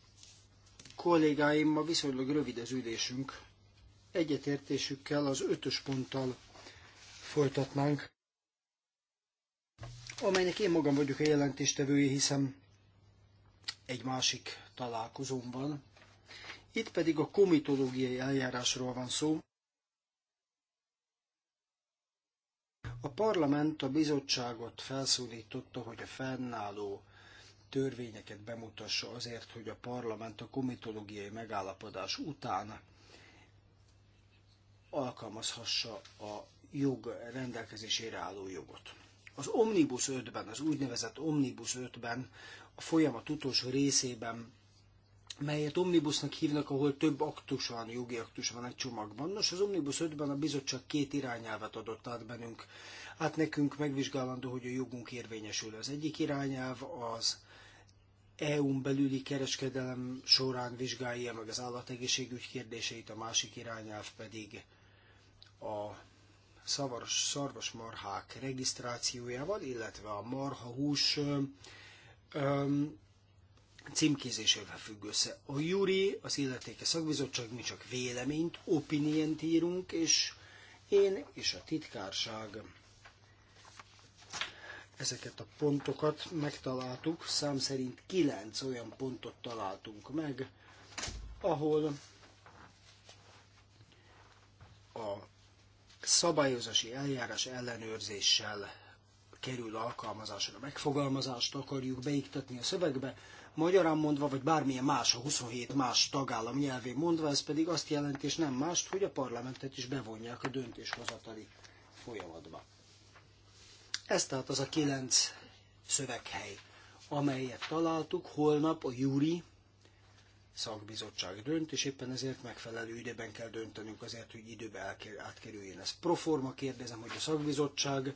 kollégáim, ma viszonylag rövid az ülésünk. Egyetértésükkel az ötös ponttal folytatnánk, amelynek én magam vagyok a jelentéstevője, hiszem egy másik találkozómban. Itt pedig a komitológiai eljárásról van szó. A parlament a bizottságot felszólította, hogy a fennálló törvényeket bemutassa azért, hogy a parlament a komitológiai megállapodás után alkalmazhassa a jog rendelkezésére álló jogot. Az Omnibus 5-ben, az úgynevezett Omnibus 5-ben, a folyamat utolsó részében, melyet Omnibusnak hívnak, ahol több aktus van, jogi aktus van egy csomagban. Nos, az Omnibus 5-ben a bizottság két irányelvet adott át bennünk. Hát nekünk megvizsgálandó, hogy a jogunk érvényesül. Az egyik irányelv az EU-n belüli kereskedelem során vizsgálja meg az állategészségügy kérdéseit, a másik irányelv pedig a szavaros, marhák regisztrációjával, illetve a marhahús öm, címkézésével függ össze. A júri, az illetéke szakbizottság, mi csak véleményt, opinient írunk, és én és a titkárság ezeket a pontokat megtaláltuk, szám szerint kilenc olyan pontot találtunk meg, ahol a szabályozási eljárás ellenőrzéssel kerül alkalmazásra. Megfogalmazást akarjuk beiktatni a szövegbe, magyarán mondva, vagy bármilyen más, a 27 más tagállam nyelvén mondva, ez pedig azt jelenti, és nem mást, hogy a parlamentet is bevonják a döntéshozatali folyamatba. Ez tehát az a kilenc szöveghely, amelyet találtuk. Holnap a júri szakbizottság dönt, és éppen ezért megfelelő időben kell döntenünk azért, hogy időbe átkerüljön ez. Proforma kérdezem, hogy a szakbizottság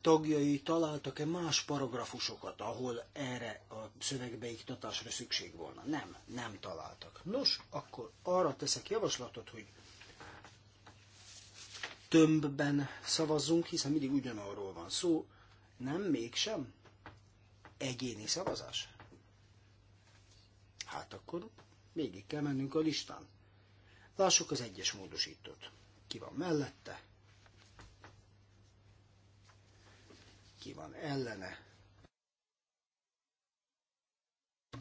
tagjai találtak-e más paragrafusokat, ahol erre a szövegbeiktatásra szükség volna? Nem, nem találtak. Nos, akkor arra teszek javaslatot, hogy tömbben szavazzunk, hiszen mindig ugyanarról van szó. Nem, mégsem? Egyéni szavazás? Hát akkor Végig kell mennünk a listán. Lássuk az egyes módosítót. Ki van mellette? Ki van ellene?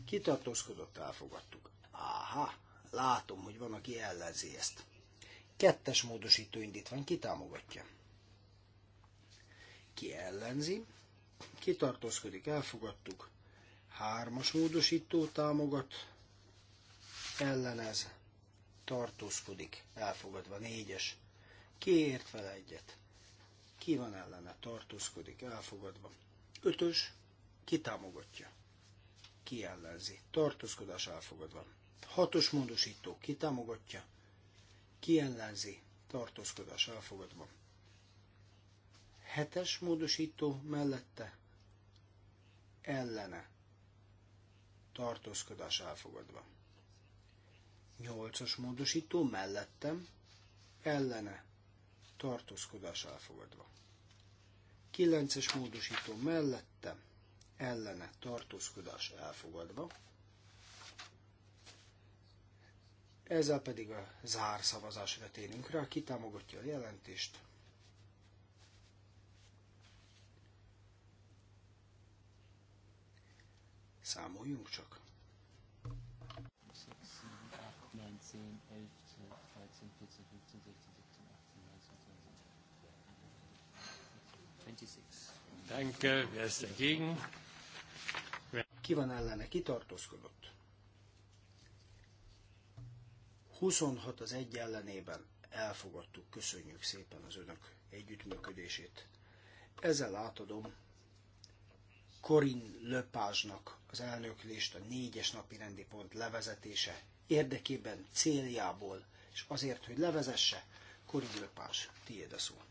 Kitartózkodott, elfogadtuk. Áha, látom, hogy van, aki ellenzi ezt. Kettes módosító indítvány kitámogatja. Ki ellenzi? Kitartózkodik, elfogadtuk. Hármas módosító támogat, ellenez, tartózkodik, elfogadva. Négyes, kiért vele egyet, ki van ellene, tartózkodik, elfogadva. Ötös, ki támogatja, ki ellenzi, tartózkodás elfogadva. Hatos módosító, ki támogatja, ki ellenzi, tartózkodás elfogadva. Hetes módosító mellette ellene tartózkodás elfogadva. Nyolcas módosító mellettem, ellene, tartózkodás elfogadva. Kilences módosító mellettem, ellene, tartózkodás elfogadva. Ezzel pedig a zárszavazásra térünk rá, ki támogatja a jelentést. Számoljunk csak. Danke, wer ist dagegen? Ki van ellene? Ki tartózkodott? 26 az egy ellenében elfogadtuk, köszönjük szépen az önök együttműködését. Ezzel átadom Korin Löpásnak az elnöklést a négyes napi rendi pont levezetése érdekében, céljából, és azért, hogy levezesse, Korin Löpázs, tiéd a szó.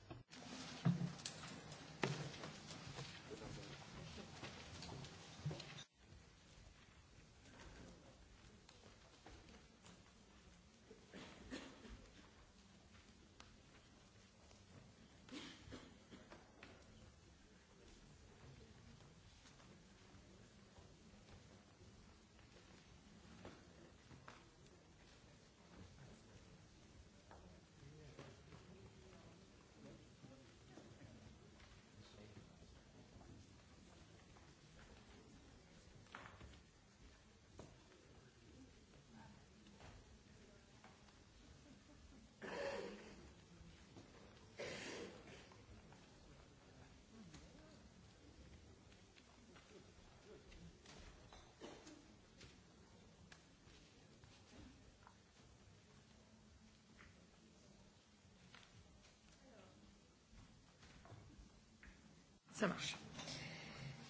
Ça marche.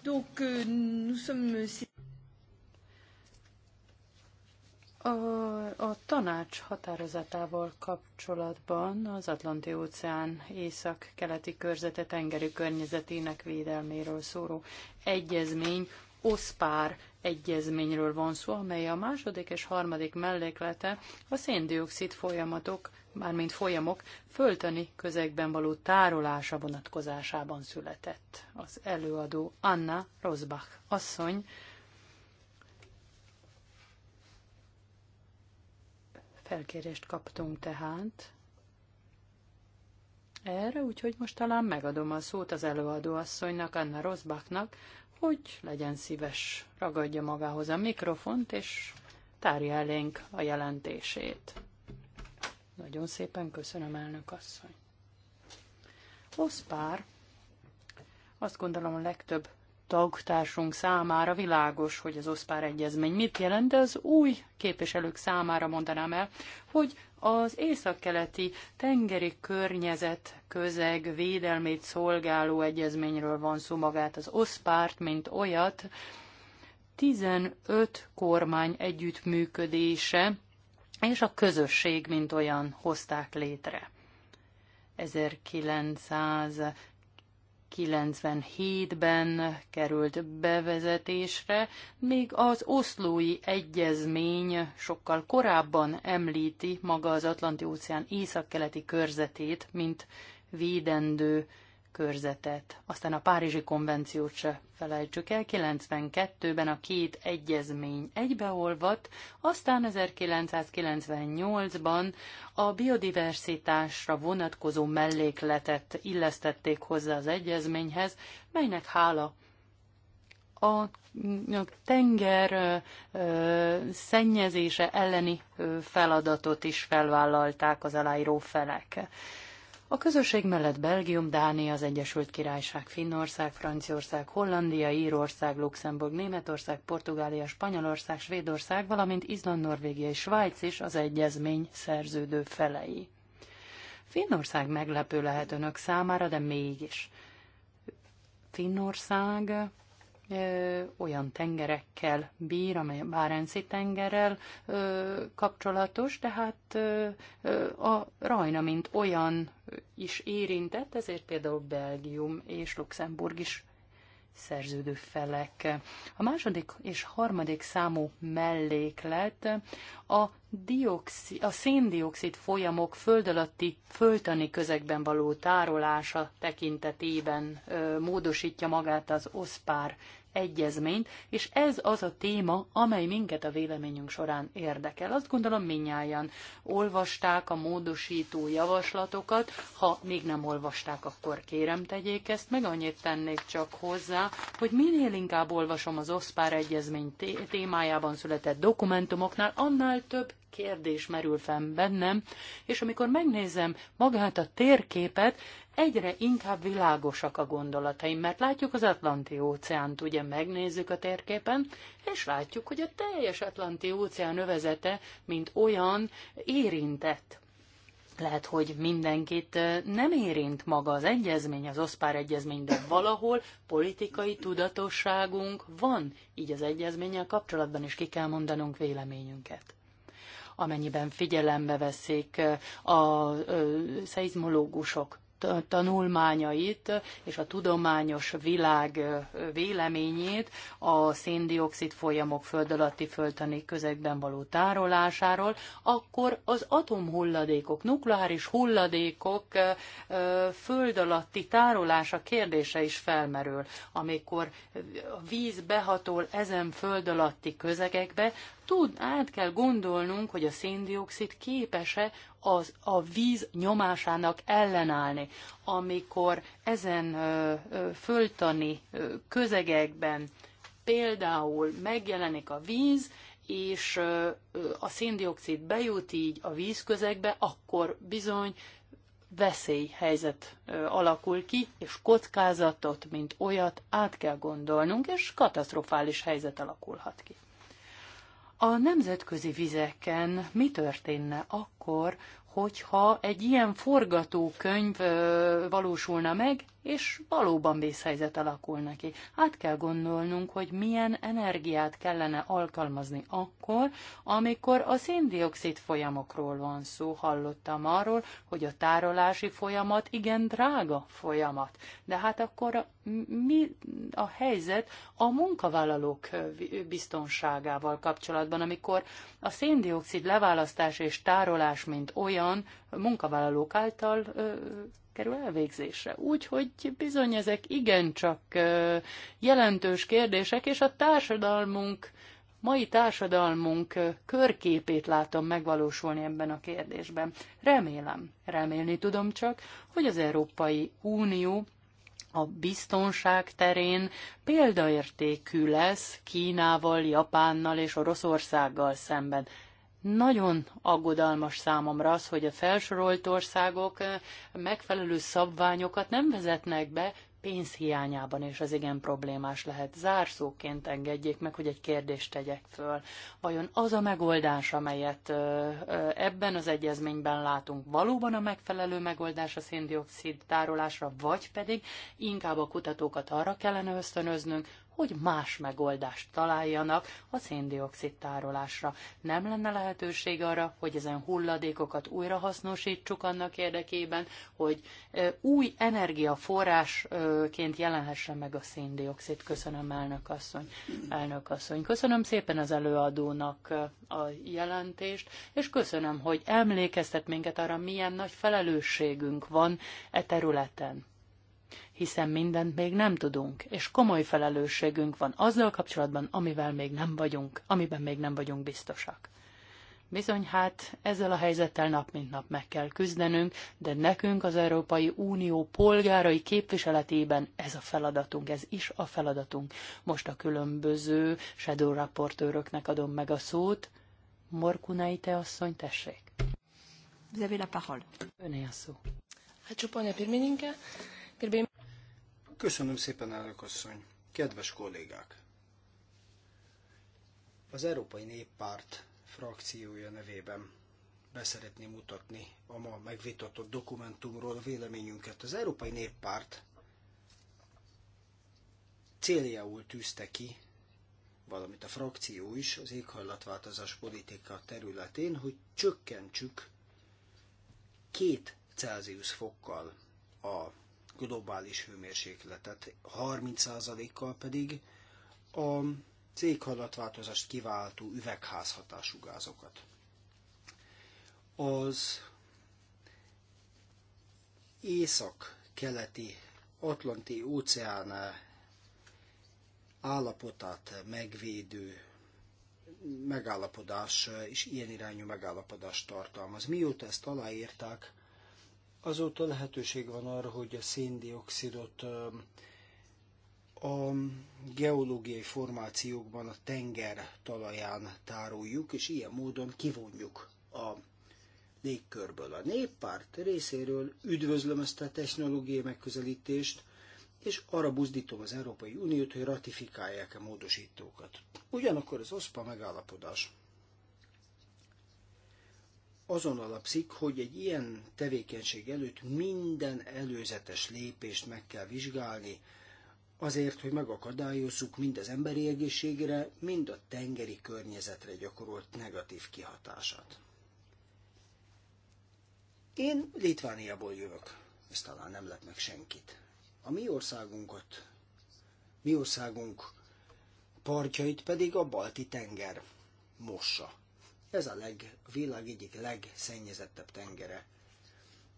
Donc, euh, nous sommes... Euh, a, a tanács határozatával kapcsolatban az Atlanti-óceán észak-keleti körzete tengeri környezetének védelméről szóló egyezmény, OSPÁR egyezményről van szó, amely a második és harmadik melléklete a széndiokszid folyamatok mármint folyamok föltani közegben való tárolása vonatkozásában született. Az előadó Anna Rosbach asszony felkérést kaptunk tehát erre, úgyhogy most talán megadom a szót az asszonynak, Anna Rosbachnak, hogy legyen szíves, ragadja magához a mikrofont, és tárja elénk a jelentését. Nagyon szépen köszönöm, elnök asszony. Oszpár, azt gondolom a legtöbb tagtársunk számára világos, hogy az oszpár egyezmény mit jelent, de az új képviselők számára mondanám el, hogy az északkeleti tengeri környezet közeg védelmét szolgáló egyezményről van szó magát az oszpárt, mint olyat, 15 kormány együttműködése és a közösség, mint olyan hozták létre. 1997-ben került bevezetésre, még az oszlói egyezmény sokkal korábban említi maga az Atlanti-óceán északkeleti körzetét, mint védendő körzetet. Aztán a Párizsi konvenciót se felejtsük el, 92-ben a két egyezmény egybeolvat, aztán 1998-ban a biodiversitásra vonatkozó mellékletet illesztették hozzá az egyezményhez, melynek hála a tenger szennyezése elleni feladatot is felvállalták az aláíró felek. A közösség mellett Belgium, Dánia, az Egyesült Királyság, Finnország, Franciaország, Hollandia, Írország, Luxemburg, Németország, Portugália, Spanyolország, Svédország, valamint Izland, Norvégia és Svájc is az egyezmény szerződő felei. Finnország meglepő lehet önök számára, de mégis. Finnország ö, olyan tengerekkel bír, amely a Bárenci tengerrel ö, kapcsolatos, tehát ö, a rajna, mint olyan is érintett, ezért például Belgium és Luxemburg is szerződő felek. A második és harmadik számú melléklet a, dioxi, a széndiokszid folyamok föld alatti föltani közegben való tárolása tekintetében ö, módosítja magát az OSPÁR egyezményt, és ez az a téma, amely minket a véleményünk során érdekel. Azt gondolom minnyáján olvasták a módosító javaslatokat, ha még nem olvasták, akkor kérem tegyék ezt, meg annyit tennék csak hozzá, hogy minél inkább olvasom az OSZPÁR egyezmény témájában született dokumentumoknál, annál több kérdés merül fenn bennem, és amikor megnézem magát a térképet, egyre inkább világosak a gondolataim, mert látjuk az Atlanti óceánt, ugye megnézzük a térképen, és látjuk, hogy a teljes Atlanti óceán övezete, mint olyan, érintett lehet, hogy mindenkit nem érint maga az egyezmény, az oszpár egyezmény, de valahol politikai tudatosságunk van, így az egyezménnyel kapcsolatban is ki kell mondanunk véleményünket. Amennyiben figyelembe veszik a szeizmológusok tanulmányait és a tudományos világ véleményét a széndiokszid folyamok föld alatti földtani közegben való tárolásáról, akkor az atomhulladékok, nukleáris hulladékok föld alatti tárolása kérdése is felmerül. Amikor a víz behatol ezen föld alatti közegekbe, tud, át kell gondolnunk, hogy a széndiokszid képes-e az, a víz nyomásának ellenállni, amikor ezen ö, ö, földtani ö, közegekben például megjelenik a víz, és ö, a széndiokszid bejut így a vízközegbe, akkor bizony veszélyhelyzet alakul ki, és kockázatot, mint olyat át kell gondolnunk, és katasztrofális helyzet alakulhat ki a nemzetközi vizeken mi történne akkor, hogyha egy ilyen forgatókönyv valósulna meg, és valóban vészhelyzet alakul neki. Át kell gondolnunk, hogy milyen energiát kellene alkalmazni akkor, amikor a széndiokszid folyamokról van szó. Hallottam arról, hogy a tárolási folyamat igen drága folyamat. De hát akkor a, mi a helyzet a munkavállalók biztonságával kapcsolatban, amikor a széndiokszid leválasztás és tárolás, mint olyan munkavállalók által kerül elvégzésre. Úgyhogy bizony ezek igencsak jelentős kérdések, és a társadalmunk, mai társadalmunk körképét látom megvalósulni ebben a kérdésben. Remélem, remélni tudom csak, hogy az Európai Unió a biztonság terén példaértékű lesz Kínával, Japánnal és Oroszországgal szemben. Nagyon aggodalmas számomra az, hogy a felsorolt országok eh, megfelelő szabványokat nem vezetnek be pénzhiányában, és ez igen problémás lehet. Zárszóként engedjék meg, hogy egy kérdést tegyek föl. Vajon az a megoldás, amelyet eh, eh, ebben az egyezményben látunk, valóban a megfelelő megoldás a széndiokszid tárolásra, vagy pedig inkább a kutatókat arra kellene ösztönöznünk, hogy más megoldást találjanak a széndiokszid tárolásra. Nem lenne lehetőség arra, hogy ezen hulladékokat újrahasznosítsuk annak érdekében, hogy új energiaforrásként jelenhessen meg a széndiokszid. Köszönöm, elnök asszony. Elnök asszony. Köszönöm szépen az előadónak a jelentést, és köszönöm, hogy emlékeztet minket arra, milyen nagy felelősségünk van e területen hiszen mindent még nem tudunk, és komoly felelősségünk van azzal kapcsolatban, amivel még nem vagyunk, amiben még nem vagyunk biztosak. Bizony, hát ezzel a helyzettel nap mint nap meg kell küzdenünk, de nekünk az Európai Unió polgárai képviseletében ez a feladatunk, ez is a feladatunk. Most a különböző shadow raportőröknek adom meg a szót. Morkunai te asszony, tessék. Vous avez la parole. Öné a szó. Hát csupanya pirmininke. Köszönöm szépen, elnök asszony. Kedves kollégák! Az Európai Néppárt frakciója nevében beszeretném mutatni a ma megvitatott dokumentumról a véleményünket. Az Európai Néppárt céljául tűzte ki, valamint a frakció is az éghajlatváltozás politika területén, hogy csökkentsük két Celsius fokkal a globális hőmérsékletet, 30%-kal pedig a az kiváltó üvegházhatású gázokat. Az észak-keleti Atlanti óceán állapotát megvédő megállapodás és ilyen irányú megállapodást tartalmaz. Mióta ezt aláírták, Azóta lehetőség van arra, hogy a széndiokszidot a geológiai formációkban, a tenger talaján tároljuk, és ilyen módon kivonjuk a légkörből. A néppárt részéről üdvözlöm ezt a technológiai megközelítést, és arra buzdítom az Európai Uniót, hogy ratifikálják a módosítókat. Ugyanakkor az OSPA megállapodás azon alapszik, hogy egy ilyen tevékenység előtt minden előzetes lépést meg kell vizsgálni, azért, hogy megakadályozzuk mind az emberi egészségre, mind a tengeri környezetre gyakorolt negatív kihatását. Én Litvániából jövök, ez talán nem lett meg senkit. A mi országunkat, mi országunk partjait pedig a balti tenger mossa. Ez a, leg, a világ egyik legszennyezettebb tengere.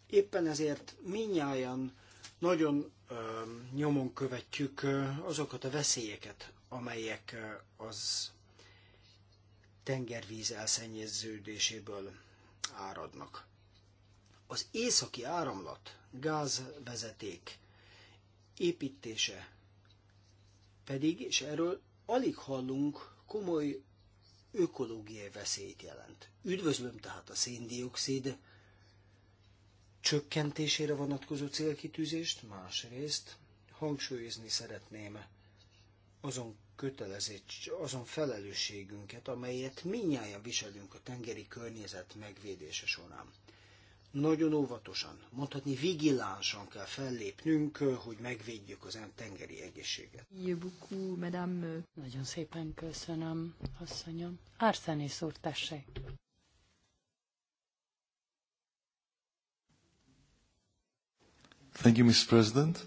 Éppen ezért minnyáján nagyon ö, nyomon követjük ö, azokat a veszélyeket, amelyek ö, az tengervíz elszennyeződéséből áradnak. Az északi áramlat, gázvezeték építése pedig, és erről alig hallunk, komoly ökológiai veszélyt jelent. Üdvözlöm tehát a széndiokszid csökkentésére vonatkozó célkitűzést, másrészt hangsúlyozni szeretném azon kötelezés, azon felelősségünket, amelyet minnyáján viselünk a tengeri környezet megvédése során nagyon óvatosan, mondhatni vigilánsan kell fellépnünk, hogy megvédjük az tengeri egészséget. Jöbukú, madame. Nagyon szépen köszönöm, asszonyom. Árszeni szúr, tessék. Thank you, Mr. President.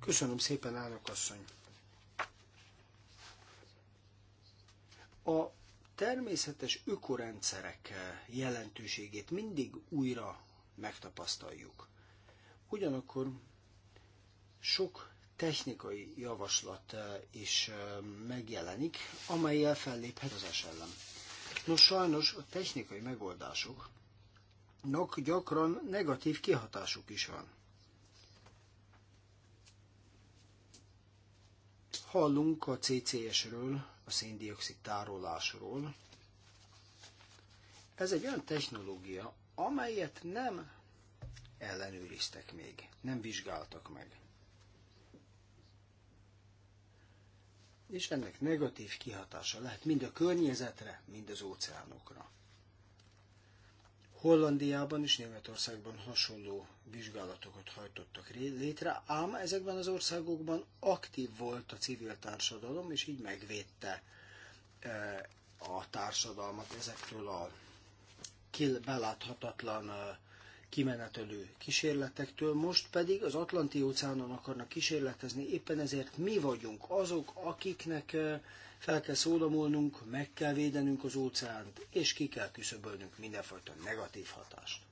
Köszönöm szépen, elnök asszony. A természetes ökorendszerek eh, jelentőségét mindig újra megtapasztaljuk. Ugyanakkor sok technikai javaslat eh, is eh, megjelenik, amelyel felléphet az ellen. Nos, sajnos a technikai megoldásoknak gyakran negatív kihatásuk is van. Hallunk a CCS-ről, a széndiokszid tárolásról. Ez egy olyan technológia, amelyet nem ellenőriztek még, nem vizsgáltak meg. És ennek negatív kihatása lehet mind a környezetre, mind az óceánokra. Hollandiában és Németországban hasonló vizsgálatokat hajtottak létre, ám ezekben az országokban aktív volt a civil társadalom, és így megvédte e, a társadalmat ezektől a beláthatatlan e, kimenetelő kísérletektől, most pedig az Atlanti óceánon akarnak kísérletezni, éppen ezért mi vagyunk azok, akiknek fel kell szólamolnunk, meg kell védenünk az óceánt, és ki kell küszöbölnünk mindenfajta negatív hatást.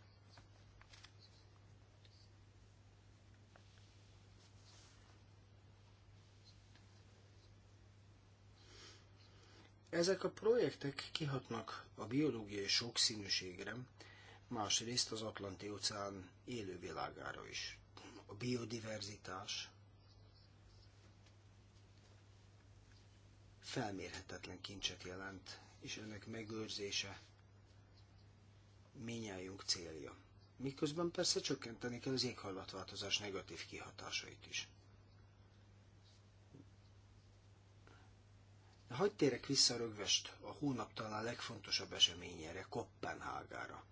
Ezek a projektek kihatnak a biológiai sokszínűségre, másrészt az Atlanti-óceán élővilágára is. A biodiverzitás felmérhetetlen kincset jelent, és ennek megőrzése minnyájunk célja. Miközben persze csökkenteni kell az éghajlatváltozás negatív kihatásait is. De hagyd térek vissza rögvest a hónap talán legfontosabb eseményére, Kopenhágára.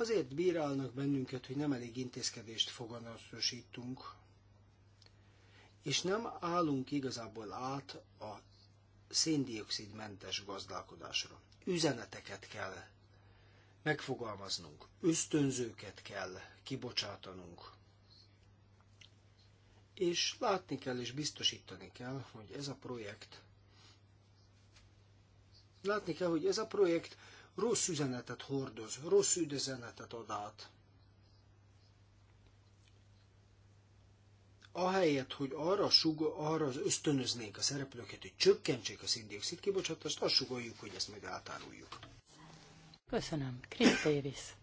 Azért bírálnak bennünket, hogy nem elég intézkedést foganatosítunk, és nem állunk igazából át a széndiokszidmentes gazdálkodásra. Üzeneteket kell megfogalmaznunk, ösztönzőket kell kibocsátanunk, és látni kell és biztosítani kell, hogy ez a projekt látni kell, hogy ez a projekt rossz üzenetet hordoz, rossz üzenetet ad át. Ahelyett, hogy arra, sugo, arra az ösztönöznénk a szereplőket, hogy csökkentsék a szindioxid kibocsátást, azt sugoljuk, hogy ezt majd átáruljuk. Köszönöm. Chris Davis.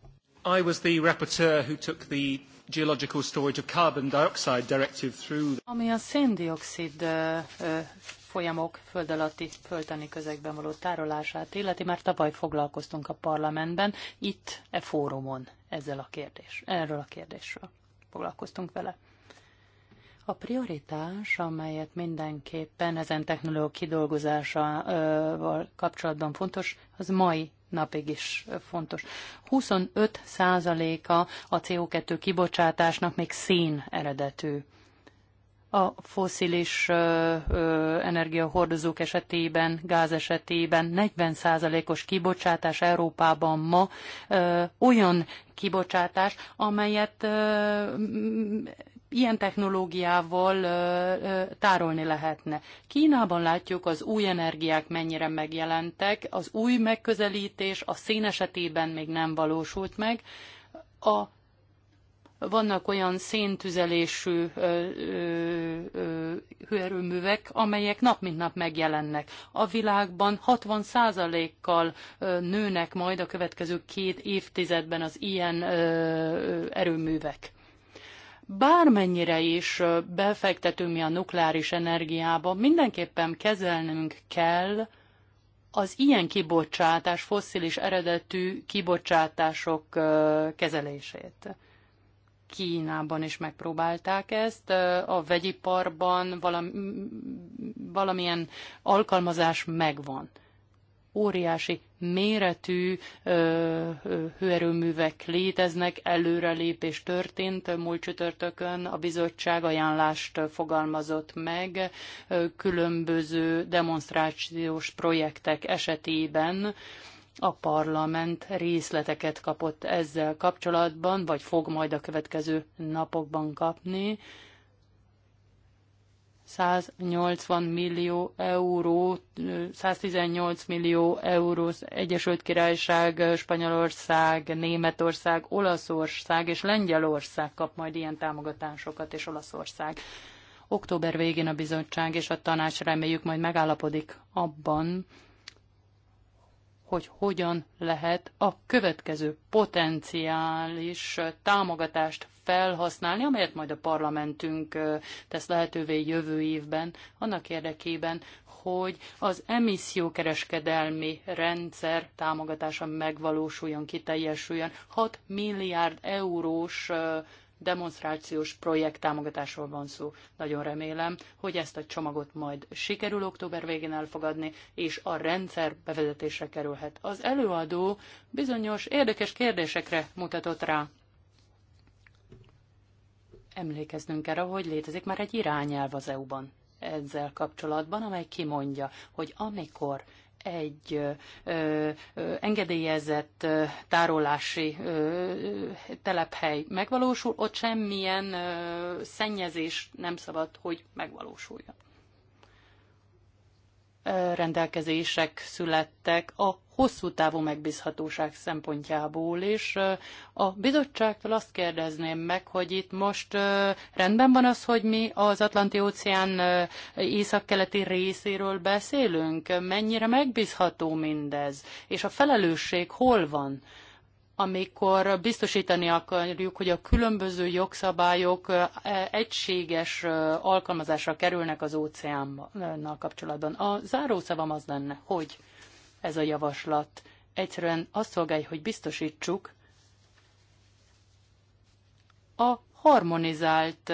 I was the rapporteur who took the geological storage of carbon dioxide directive through. Ami a széndiokszid folyamok föld alatti földtani közegben való tárolását illeti, már tavaly foglalkoztunk a parlamentben, itt e fórumon ezzel a kérdés, erről a kérdésről foglalkoztunk vele. A prioritás, amelyet mindenképpen ezen technológia kidolgozásával kapcsolatban fontos, az mai napig is fontos. 25%-a százaléka CO2 kibocsátásnak még szén eredetű. A foszilis energiahordozók esetében, gáz esetében 40 százalékos kibocsátás Európában ma ö, olyan kibocsátás, amelyet ö, ilyen technológiával tárolni lehetne. Kínában látjuk az új energiák mennyire megjelentek, az új megközelítés a szén esetében még nem valósult meg. A vannak olyan széntüzelésű hőerőművek, amelyek nap mint nap megjelennek. A világban 60%-kal nőnek majd a következő két évtizedben az ilyen ö, erőművek bármennyire is befektetünk mi a nukleáris energiába, mindenképpen kezelnünk kell az ilyen kibocsátás, fosszilis eredetű kibocsátások kezelését. Kínában is megpróbálták ezt, a vegyiparban valami, valamilyen alkalmazás megvan. Óriási méretű ö, hőerőművek léteznek, előrelépés történt. Múlt csütörtökön a bizottság ajánlást fogalmazott meg különböző demonstrációs projektek esetében a parlament részleteket kapott ezzel kapcsolatban, vagy fog majd a következő napokban kapni. 180 millió euró, 118 millió euró Egyesült Királyság, Spanyolország, Németország, Olaszország és Lengyelország kap majd ilyen támogatásokat, és Olaszország. Október végén a bizottság és a tanács reméljük majd megállapodik abban, hogy hogyan lehet a következő potenciális támogatást felhasználni, amelyet majd a parlamentünk tesz lehetővé jövő évben, annak érdekében, hogy az emissziókereskedelmi rendszer támogatása megvalósuljon, kiteljesüljön. 6 milliárd eurós demonstrációs projekt támogatásról van szó. Nagyon remélem, hogy ezt a csomagot majd sikerül október végén elfogadni, és a rendszer bevezetésre kerülhet. Az előadó bizonyos érdekes kérdésekre mutatott rá. Emlékeznünk kell hogy létezik már egy irányelv az EU-ban ezzel kapcsolatban, amely kimondja, hogy amikor egy ö, ö, engedélyezett ö, tárolási ö, telephely megvalósul, ott semmilyen ö, szennyezés nem szabad, hogy megvalósuljon. Ö, rendelkezések születtek a hosszú távú megbízhatóság szempontjából is. A bizottságtól azt kérdezném meg, hogy itt most rendben van az, hogy mi az Atlanti-óceán északkeleti részéről beszélünk? Mennyire megbízható mindez? És a felelősség hol van? amikor biztosítani akarjuk, hogy a különböző jogszabályok e, egységes alkalmazásra kerülnek az óceánnal kapcsolatban. A zárószavam az lenne, hogy ez a javaslat. Egyszerűen azt szolgálj, hogy biztosítsuk a harmonizált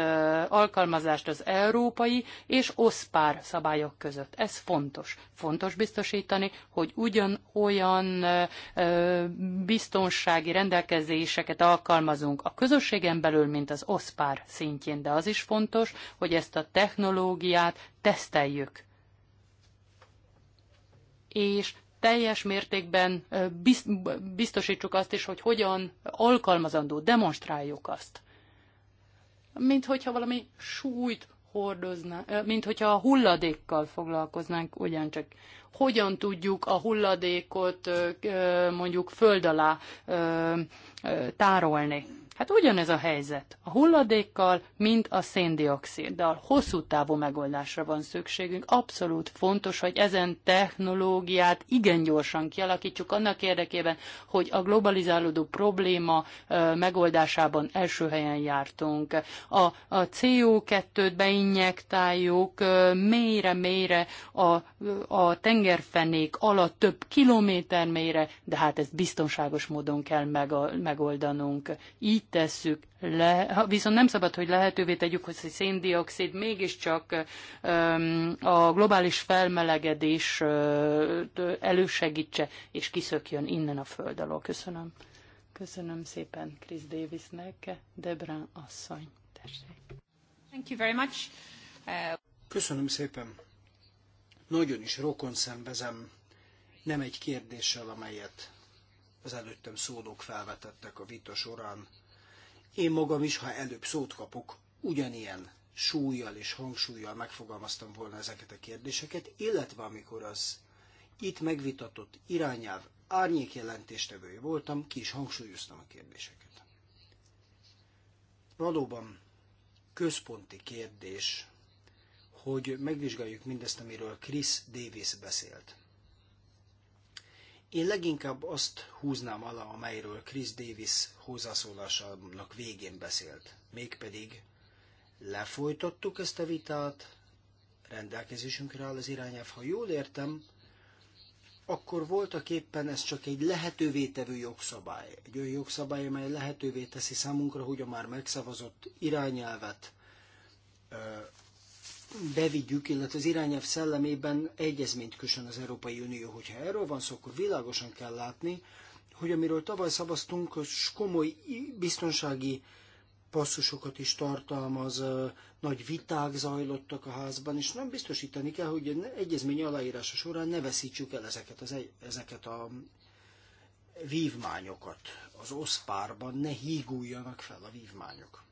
alkalmazást az európai és oszpár szabályok között. Ez fontos. Fontos biztosítani, hogy ugyanolyan biztonsági rendelkezéseket alkalmazunk a közösségen belül, mint az oszpár szintjén, de az is fontos, hogy ezt a technológiát teszteljük és teljes mértékben biztosítsuk azt is, hogy hogyan alkalmazandó, demonstráljuk azt. Mint hogyha valami súlyt hordozna, mint hogyha a hulladékkal foglalkoznánk ugyancsak. Hogyan tudjuk a hulladékot mondjuk föld alá tárolni? Hát ugyanez a helyzet a hulladékkal, mint a széndioksziddal. Hosszú távú megoldásra van szükségünk. Abszolút fontos, hogy ezen technológiát igen gyorsan kialakítsuk annak érdekében, hogy a globalizálódó probléma megoldásában első helyen jártunk. A, a CO2-t beinjektáljuk mélyre-mélyre a, a tengerfenék alatt több kilométer mélyre, de hát ezt biztonságos módon kell meg, megoldanunk. Így tesszük le, viszont nem szabad, hogy lehetővé tegyük, hogy a széndiokszid mégiscsak a globális felmelegedés elősegítse, és kiszökjön innen a föld alól. Köszönöm. Köszönöm szépen Chris Davisnek, Debra asszony. Tessék. Thank you very much. Köszönöm szépen. Nagyon is rokon szembezem, nem egy kérdéssel, amelyet az előttem szólók felvetettek a vita során, én magam is, ha előbb szót kapok, ugyanilyen súlyjal és hangsúlyjal megfogalmaztam volna ezeket a kérdéseket, illetve amikor az itt megvitatott irányáv árnyék jelentéstevője voltam, ki is hangsúlyoztam a kérdéseket. Valóban központi kérdés, hogy megvizsgáljuk mindezt, amiről Chris Davis beszélt. Én leginkább azt húznám alá, amelyről Chris Davis hozzászólásának végén beszélt. Mégpedig lefolytattuk ezt a vitát, rendelkezésünkre áll az irányelv. Ha jól értem, akkor voltak éppen ez csak egy lehetővé tevő jogszabály. Egy olyan jogszabály, amely lehetővé teszi számunkra, hogy a már megszavazott irányelvet bevigyük, illetve az irányelv szellemében egyezményt kössön az Európai Unió. Hogyha erről van szó, akkor világosan kell látni, hogy amiről tavaly szavaztunk, az komoly biztonsági passzusokat is tartalmaz, nagy viták zajlottak a házban, és nem biztosítani kell, hogy egyezmény aláírása során ne veszítsük el ezeket, az, ezeket a vívmányokat. Az oszpárban ne híguljanak fel a vívmányok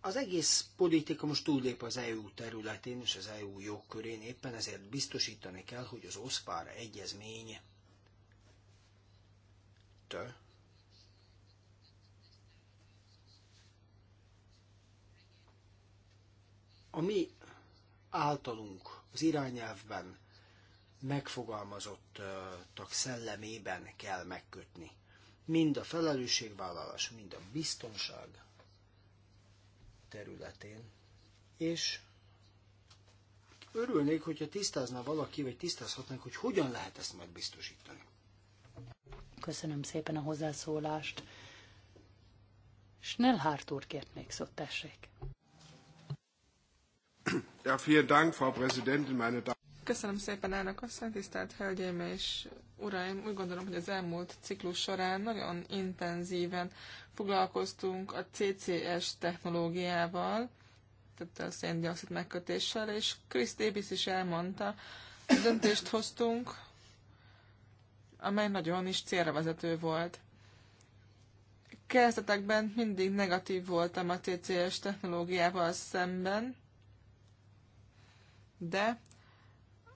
az egész politika most túllép az EU területén és az EU jogkörén, éppen ezért biztosítani kell, hogy az OSPAR egyezmény től a mi általunk az irányelvben megfogalmazottak szellemében kell megkötni. Mind a felelősségvállalás, mind a biztonság területén, és örülnék, hogyha tisztázna valaki, vagy tisztázhatnánk, hogy hogyan lehet ezt megbiztosítani. Köszönöm szépen a hozzászólást. Schnellhardt úr kért még szót, tessék. Ja, vielen Dank, Frau Präsidentin, meine Damen. Köszönöm szépen, elnök asszony, tisztelt hölgyeim és uraim, úgy gondolom, hogy az elmúlt ciklus során nagyon intenzíven foglalkoztunk a CCS technológiával, tehát a széndiokszid megkötéssel, és Chris Davis is elmondta, döntést hoztunk, amely nagyon is célra vezető volt. Kezdetekben mindig negatív voltam a CCS technológiával szemben, de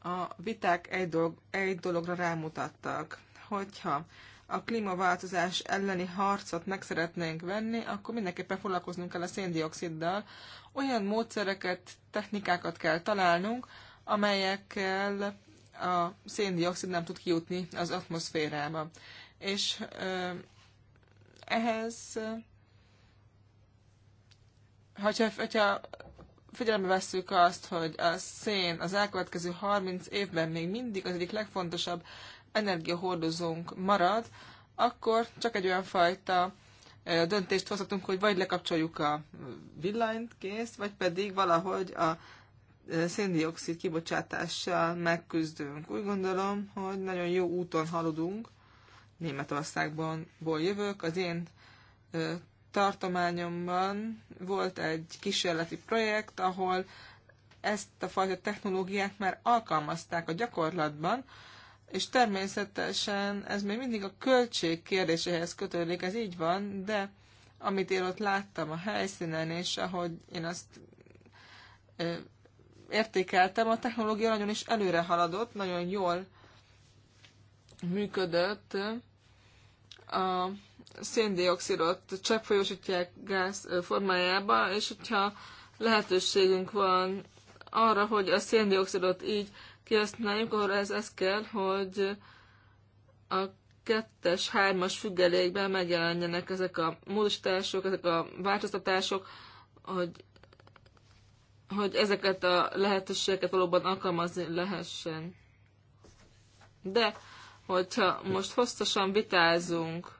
a viták egy, dolog, egy dologra rámutattak, hogyha a klímaváltozás elleni harcot meg szeretnénk venni, akkor mindenképpen foglalkoznunk kell a széndioksziddal. Olyan módszereket, technikákat kell találnunk, amelyekkel a széndiokszid nem tud kijutni az atmoszférába. És ö, ehhez, hogyha, hogyha figyelembe vesszük azt, hogy a szén az elkövetkező 30 évben még mindig az egyik legfontosabb energiahordozónk marad, akkor csak egy olyan fajta döntést hozhatunk, hogy vagy lekapcsoljuk a villanyt, kész, vagy pedig valahogy a széndiokszid kibocsátással megküzdünk. Úgy gondolom, hogy nagyon jó úton haladunk. Németországból jövök. Az én tartományomban volt egy kísérleti projekt, ahol ezt a fajta technológiát már alkalmazták a gyakorlatban, és természetesen ez még mindig a költség kérdéséhez kötődik, ez így van, de amit én ott láttam a helyszínen, és ahogy én azt ö, értékeltem, a technológia nagyon is előre haladott, nagyon jól működött. A széndiokszidot cseppfolyósítják gáz formájába, és hogyha lehetőségünk van arra, hogy a széndiokszidot így kihasználjuk, akkor ez, ez kell, hogy a kettes, hármas függelékben megjelenjenek ezek a módosítások, ezek a változtatások, hogy, hogy ezeket a lehetőségeket valóban alkalmazni lehessen. De, hogyha most hosszasan vitázunk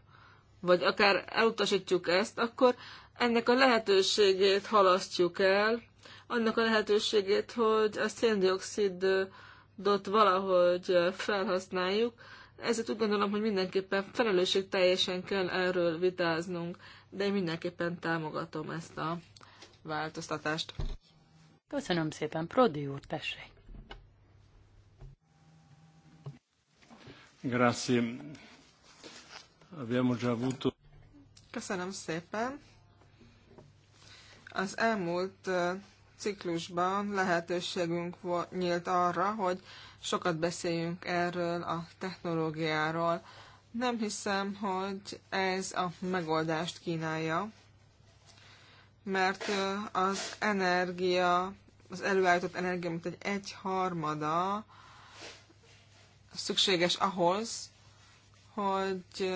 vagy akár elutasítjuk ezt, akkor ennek a lehetőségét halasztjuk el, annak a lehetőségét, hogy a széndiokszidot valahogy felhasználjuk. Ezért úgy gondolom, hogy mindenképpen felelősség teljesen kell erről vitáznunk, de én mindenképpen támogatom ezt a változtatást. Köszönöm szépen, Prodi úr, tessék! Grazie. Köszönöm szépen. Az elmúlt ciklusban lehetőségünk nyílt arra, hogy sokat beszéljünk erről a technológiáról. Nem hiszem, hogy ez a megoldást kínálja, mert az energia, az előállított energia, mint egy egyharmada szükséges ahhoz, hogy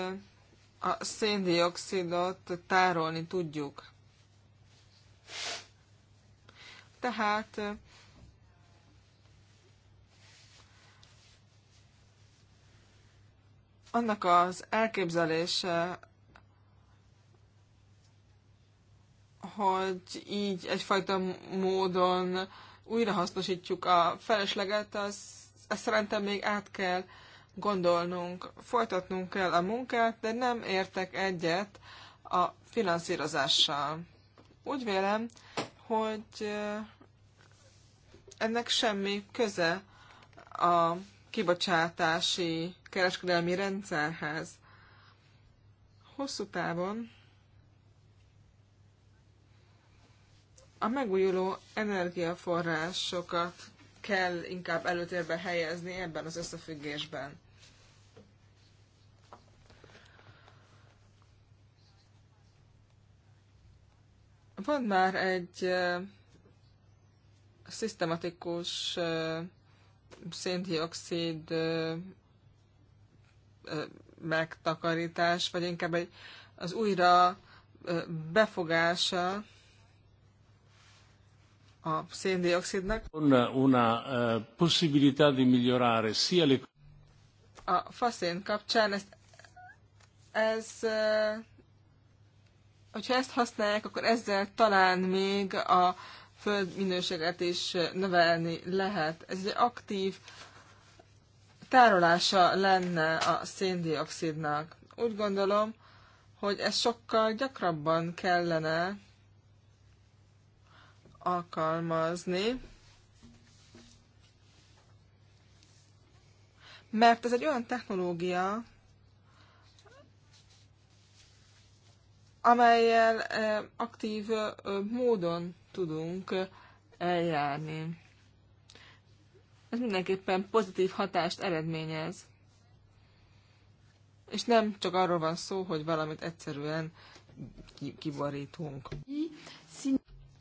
a széndiokszidot tárolni tudjuk. Tehát annak az elképzelése, hogy így egyfajta módon újrahasznosítjuk a felesleget, az, ezt szerintem még át kell uh, gondolnunk. Folytatnunk kell a munkát, de nem értek egyet a finanszírozással. Úgy vélem, hogy ennek semmi köze a kibocsátási kereskedelmi rendszerhez. Hosszú távon a megújuló energiaforrásokat kell inkább előtérbe helyezni ebben az összefüggésben. Van már egy szisztematikus széndiokszid megtakarítás, vagy inkább egy, az újra befogása a széndiokszidnak. Una, una uh, possibilità di migliorare sia le... A faszén kapcsán ezt, ez, ez hogyha ezt használják, akkor ezzel talán még a föld minőséget is növelni lehet. Ez egy aktív tárolása lenne a széndiokszidnak. Úgy gondolom, hogy ez sokkal gyakrabban kellene alkalmazni, mert ez egy olyan technológia, amelyel aktív módon tudunk eljárni. Ez mindenképpen pozitív hatást eredményez. És nem csak arról van szó, hogy valamit egyszerűen kiborítunk.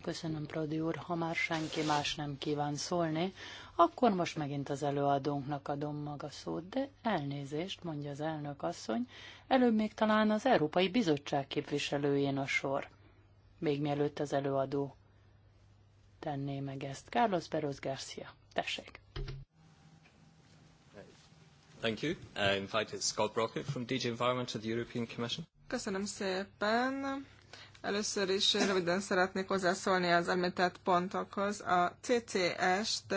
Köszönöm, Prodi úr. Ha már senki más nem kíván szólni, akkor most megint az előadónknak adom maga szót, de elnézést, mondja az elnök asszony, előbb még talán az Európai Bizottság képviselőjén a sor. Még mielőtt az előadó tenné meg ezt. Carlos Beros Garcia, tessék. Thank you. I uh, invited Scott Brockett from DG Environment to the European Commission. Köszönöm szépen. Először is röviden szeretnék hozzászólni az említett pontokhoz. A CCS-t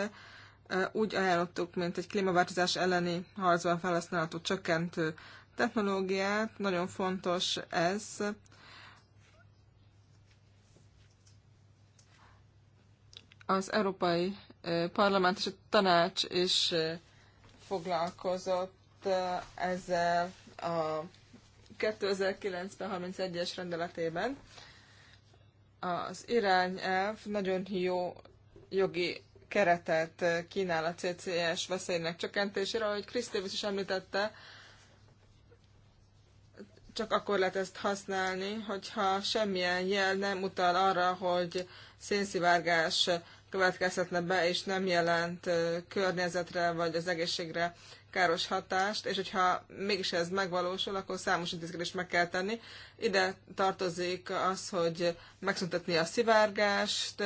E, úgy ajánlottuk, mint egy klímaváltozás elleni harcban felhasználható csökkentő technológiát. Nagyon fontos ez. Az Európai e, Parlament és a Tanács is e, foglalkozott ezzel a 2009-31-es rendeletében. Az irányelv nagyon jó jogi keretet kínál a CCS veszélynek csökkentésére, ahogy Krisztévis is említette, csak akkor lehet ezt használni, hogyha semmilyen jel nem utal arra, hogy szénszivárgás következhetne be, és nem jelent környezetre vagy az egészségre káros hatást, és hogyha mégis ez megvalósul, akkor számos intézkedést meg kell tenni. Ide tartozik az, hogy megszüntetni a szivárgást,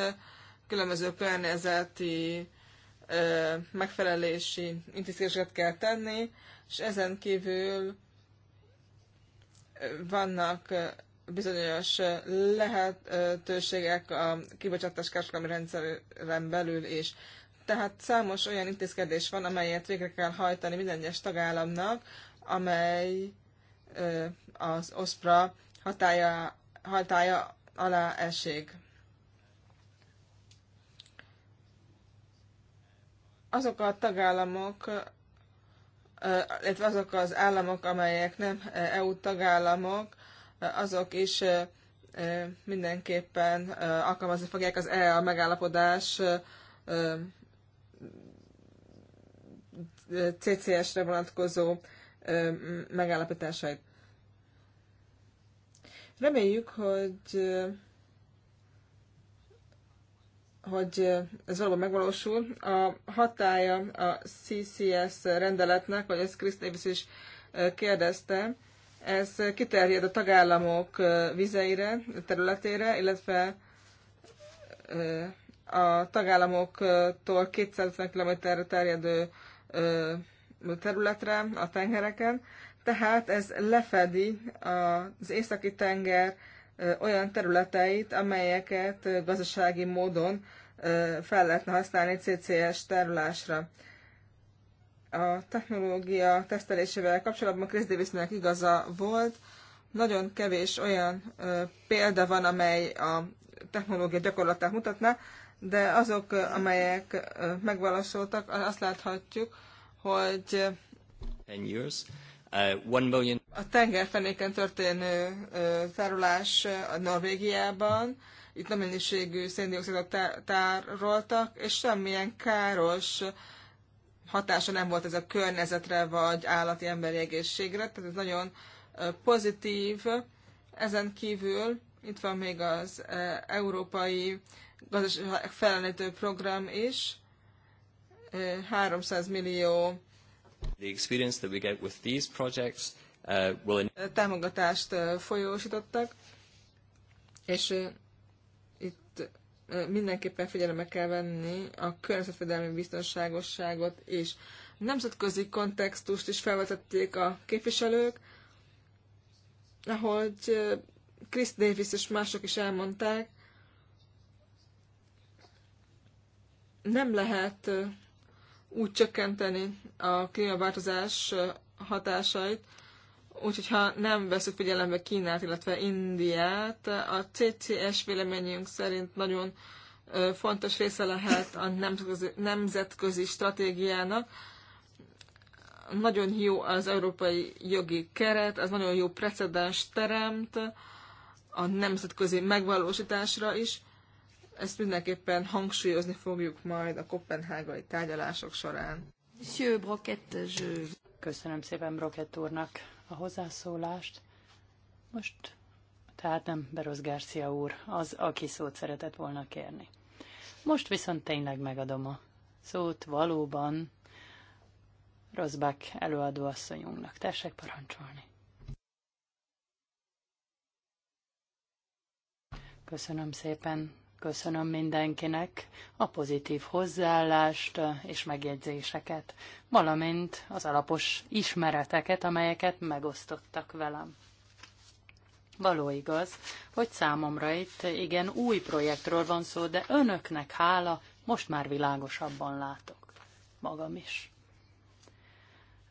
különböző környezeti megfelelési intézkedéseket kell tenni, és ezen kívül vannak bizonyos lehetőségek a kibocsátás kereskedelmi rendszeren belül is. Tehát számos olyan intézkedés van, amelyet végre kell hajtani minden egyes tagállamnak, amely az OSPRA hatája, hatája alá esik. Azok a tagállamok, illetve azok az államok, amelyek nem EU tagállamok, azok is mindenképpen alkalmazni fogják az EA megállapodás CCS-re vonatkozó megállapításait. Reméljük, hogy hogy ez valóban megvalósul. A hatája a CCS rendeletnek, vagy ezt Chris Davis is kérdezte, ez kiterjed a tagállamok vizeire, területére, illetve a tagállamoktól 250 km terjedő területre, a tengereken. Tehát ez lefedi az északi tenger olyan területeit, amelyeket gazdasági módon fel lehetne használni CCS tárolásra. A technológia tesztelésével kapcsolatban Chris Davisnek igaza volt, nagyon kevés olyan példa van, amely a technológia gyakorlatát mutatná, de azok, amelyek megvalósultak, azt láthatjuk, hogy 10 years Uh, a tengerfenéken történő tárolás a Norvégiában, itt nem mennyiségű széndiokszidot tároltak, és semmilyen káros hatása nem volt ez a környezetre, vagy állati emberi egészségre, tehát ez nagyon pozitív. Ezen kívül itt van még az Európai Gazdaság felelőtő Program is, 300 millió Támogatást folyósítottak, és itt mindenképpen figyelembe kell venni a környezetvédelmi biztonságosságot és nemzetközi kontextust is felvetették a képviselők, ahogy Chris Davis és mások is elmondták, nem lehet úgy csökkenteni a klímaváltozás hatásait, úgyhogy ha nem veszük figyelembe Kínát, illetve Indiát, a CCS véleményünk szerint nagyon fontos része lehet a nemzetközi, nemzetközi stratégiának. Nagyon jó az európai jogi keret, ez nagyon jó precedens teremt a nemzetközi megvalósításra is. Ezt mindenképpen hangsúlyozni fogjuk majd a kopenhágai tárgyalások során. Köszönöm szépen Brokett úrnak a hozzászólást. Most tehát nem Berosz Garcia úr az, aki szót szeretett volna kérni. Most viszont tényleg megadom a szót valóban előadó asszonyunknak. Tessék parancsolni. Köszönöm szépen, Köszönöm mindenkinek a pozitív hozzáállást és megjegyzéseket, valamint az alapos ismereteket, amelyeket megosztottak velem. Való igaz, hogy számomra itt igen új projektről van szó, de önöknek hála most már világosabban látok. Magam is.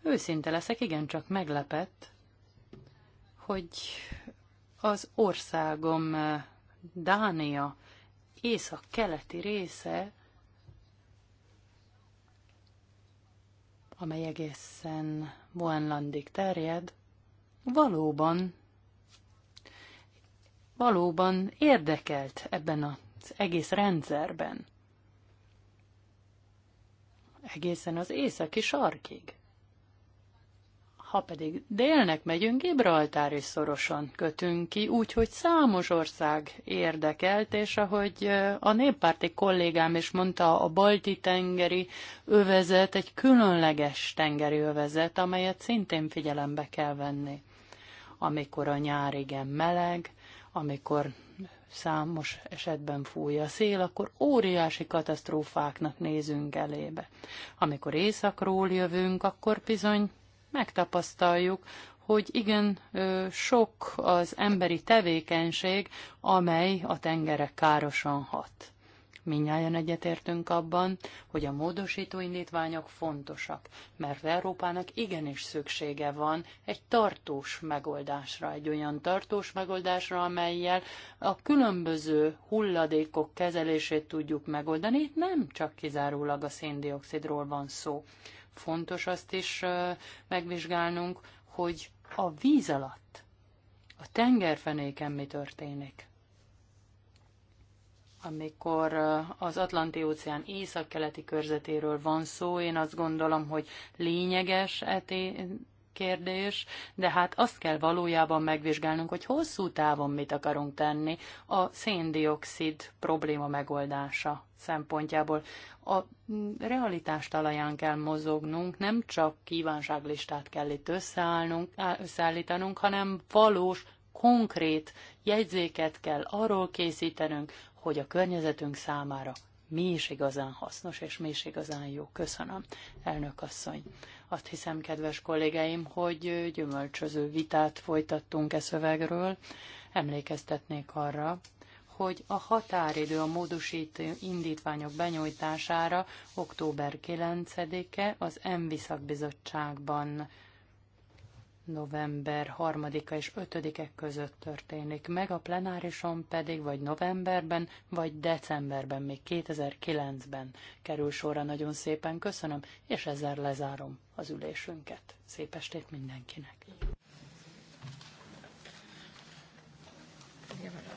Őszinte leszek, igencsak meglepett, hogy az országom Dánia észak-keleti része, amely egészen Boenlandig terjed, valóban, valóban érdekelt ebben az egész rendszerben. Egészen az északi sarkig. Ha pedig délnek megyünk, Gibraltár is szorosan kötünk ki, úgyhogy számos ország érdekelt, és ahogy a néppárti kollégám is mondta, a balti tengeri övezet egy különleges tengeri övezet, amelyet szintén figyelembe kell venni. Amikor a nyár igen meleg, amikor számos esetben fúj a szél, akkor óriási katasztrófáknak nézünk elébe. Amikor éjszakról jövünk, akkor bizony megtapasztaljuk, hogy igen, sok az emberi tevékenység, amely a tengerek károsan hat. Minnyáján egyetértünk abban, hogy a módosító indítványok fontosak, mert Európának igenis szüksége van egy tartós megoldásra, egy olyan tartós megoldásra, amelyel a különböző hulladékok kezelését tudjuk megoldani. Itt nem csak kizárólag a széndiokszidról van szó, fontos azt is megvizsgálnunk, hogy a víz alatt, a tengerfenéken mi történik. Amikor az Atlanti-óceán északkeleti körzetéről van szó, én azt gondolom, hogy lényeges hát kérdés, de hát azt kell valójában megvizsgálnunk, hogy hosszú távon mit akarunk tenni a széndiokszid probléma megoldása szempontjából. A realitás talaján kell mozognunk, nem csak kívánságlistát kell itt összeállítanunk, hanem valós, konkrét jegyzéket kell arról készítenünk, hogy a környezetünk számára mi is igazán hasznos, és mi is igazán jó. Köszönöm, elnök asszony. Azt hiszem, kedves kollégáim, hogy gyümölcsöző vitát folytattunk e szövegről. Emlékeztetnék arra, hogy a határidő a módosítő indítványok benyújtására október 9-e az MVI szakbizottságban november 3-a és 5-e között történik meg, a plenárison pedig vagy novemberben, vagy decemberben, még 2009-ben kerül sorra. Nagyon szépen köszönöm, és ezzel lezárom az ülésünket. Szép estét mindenkinek! Yeah,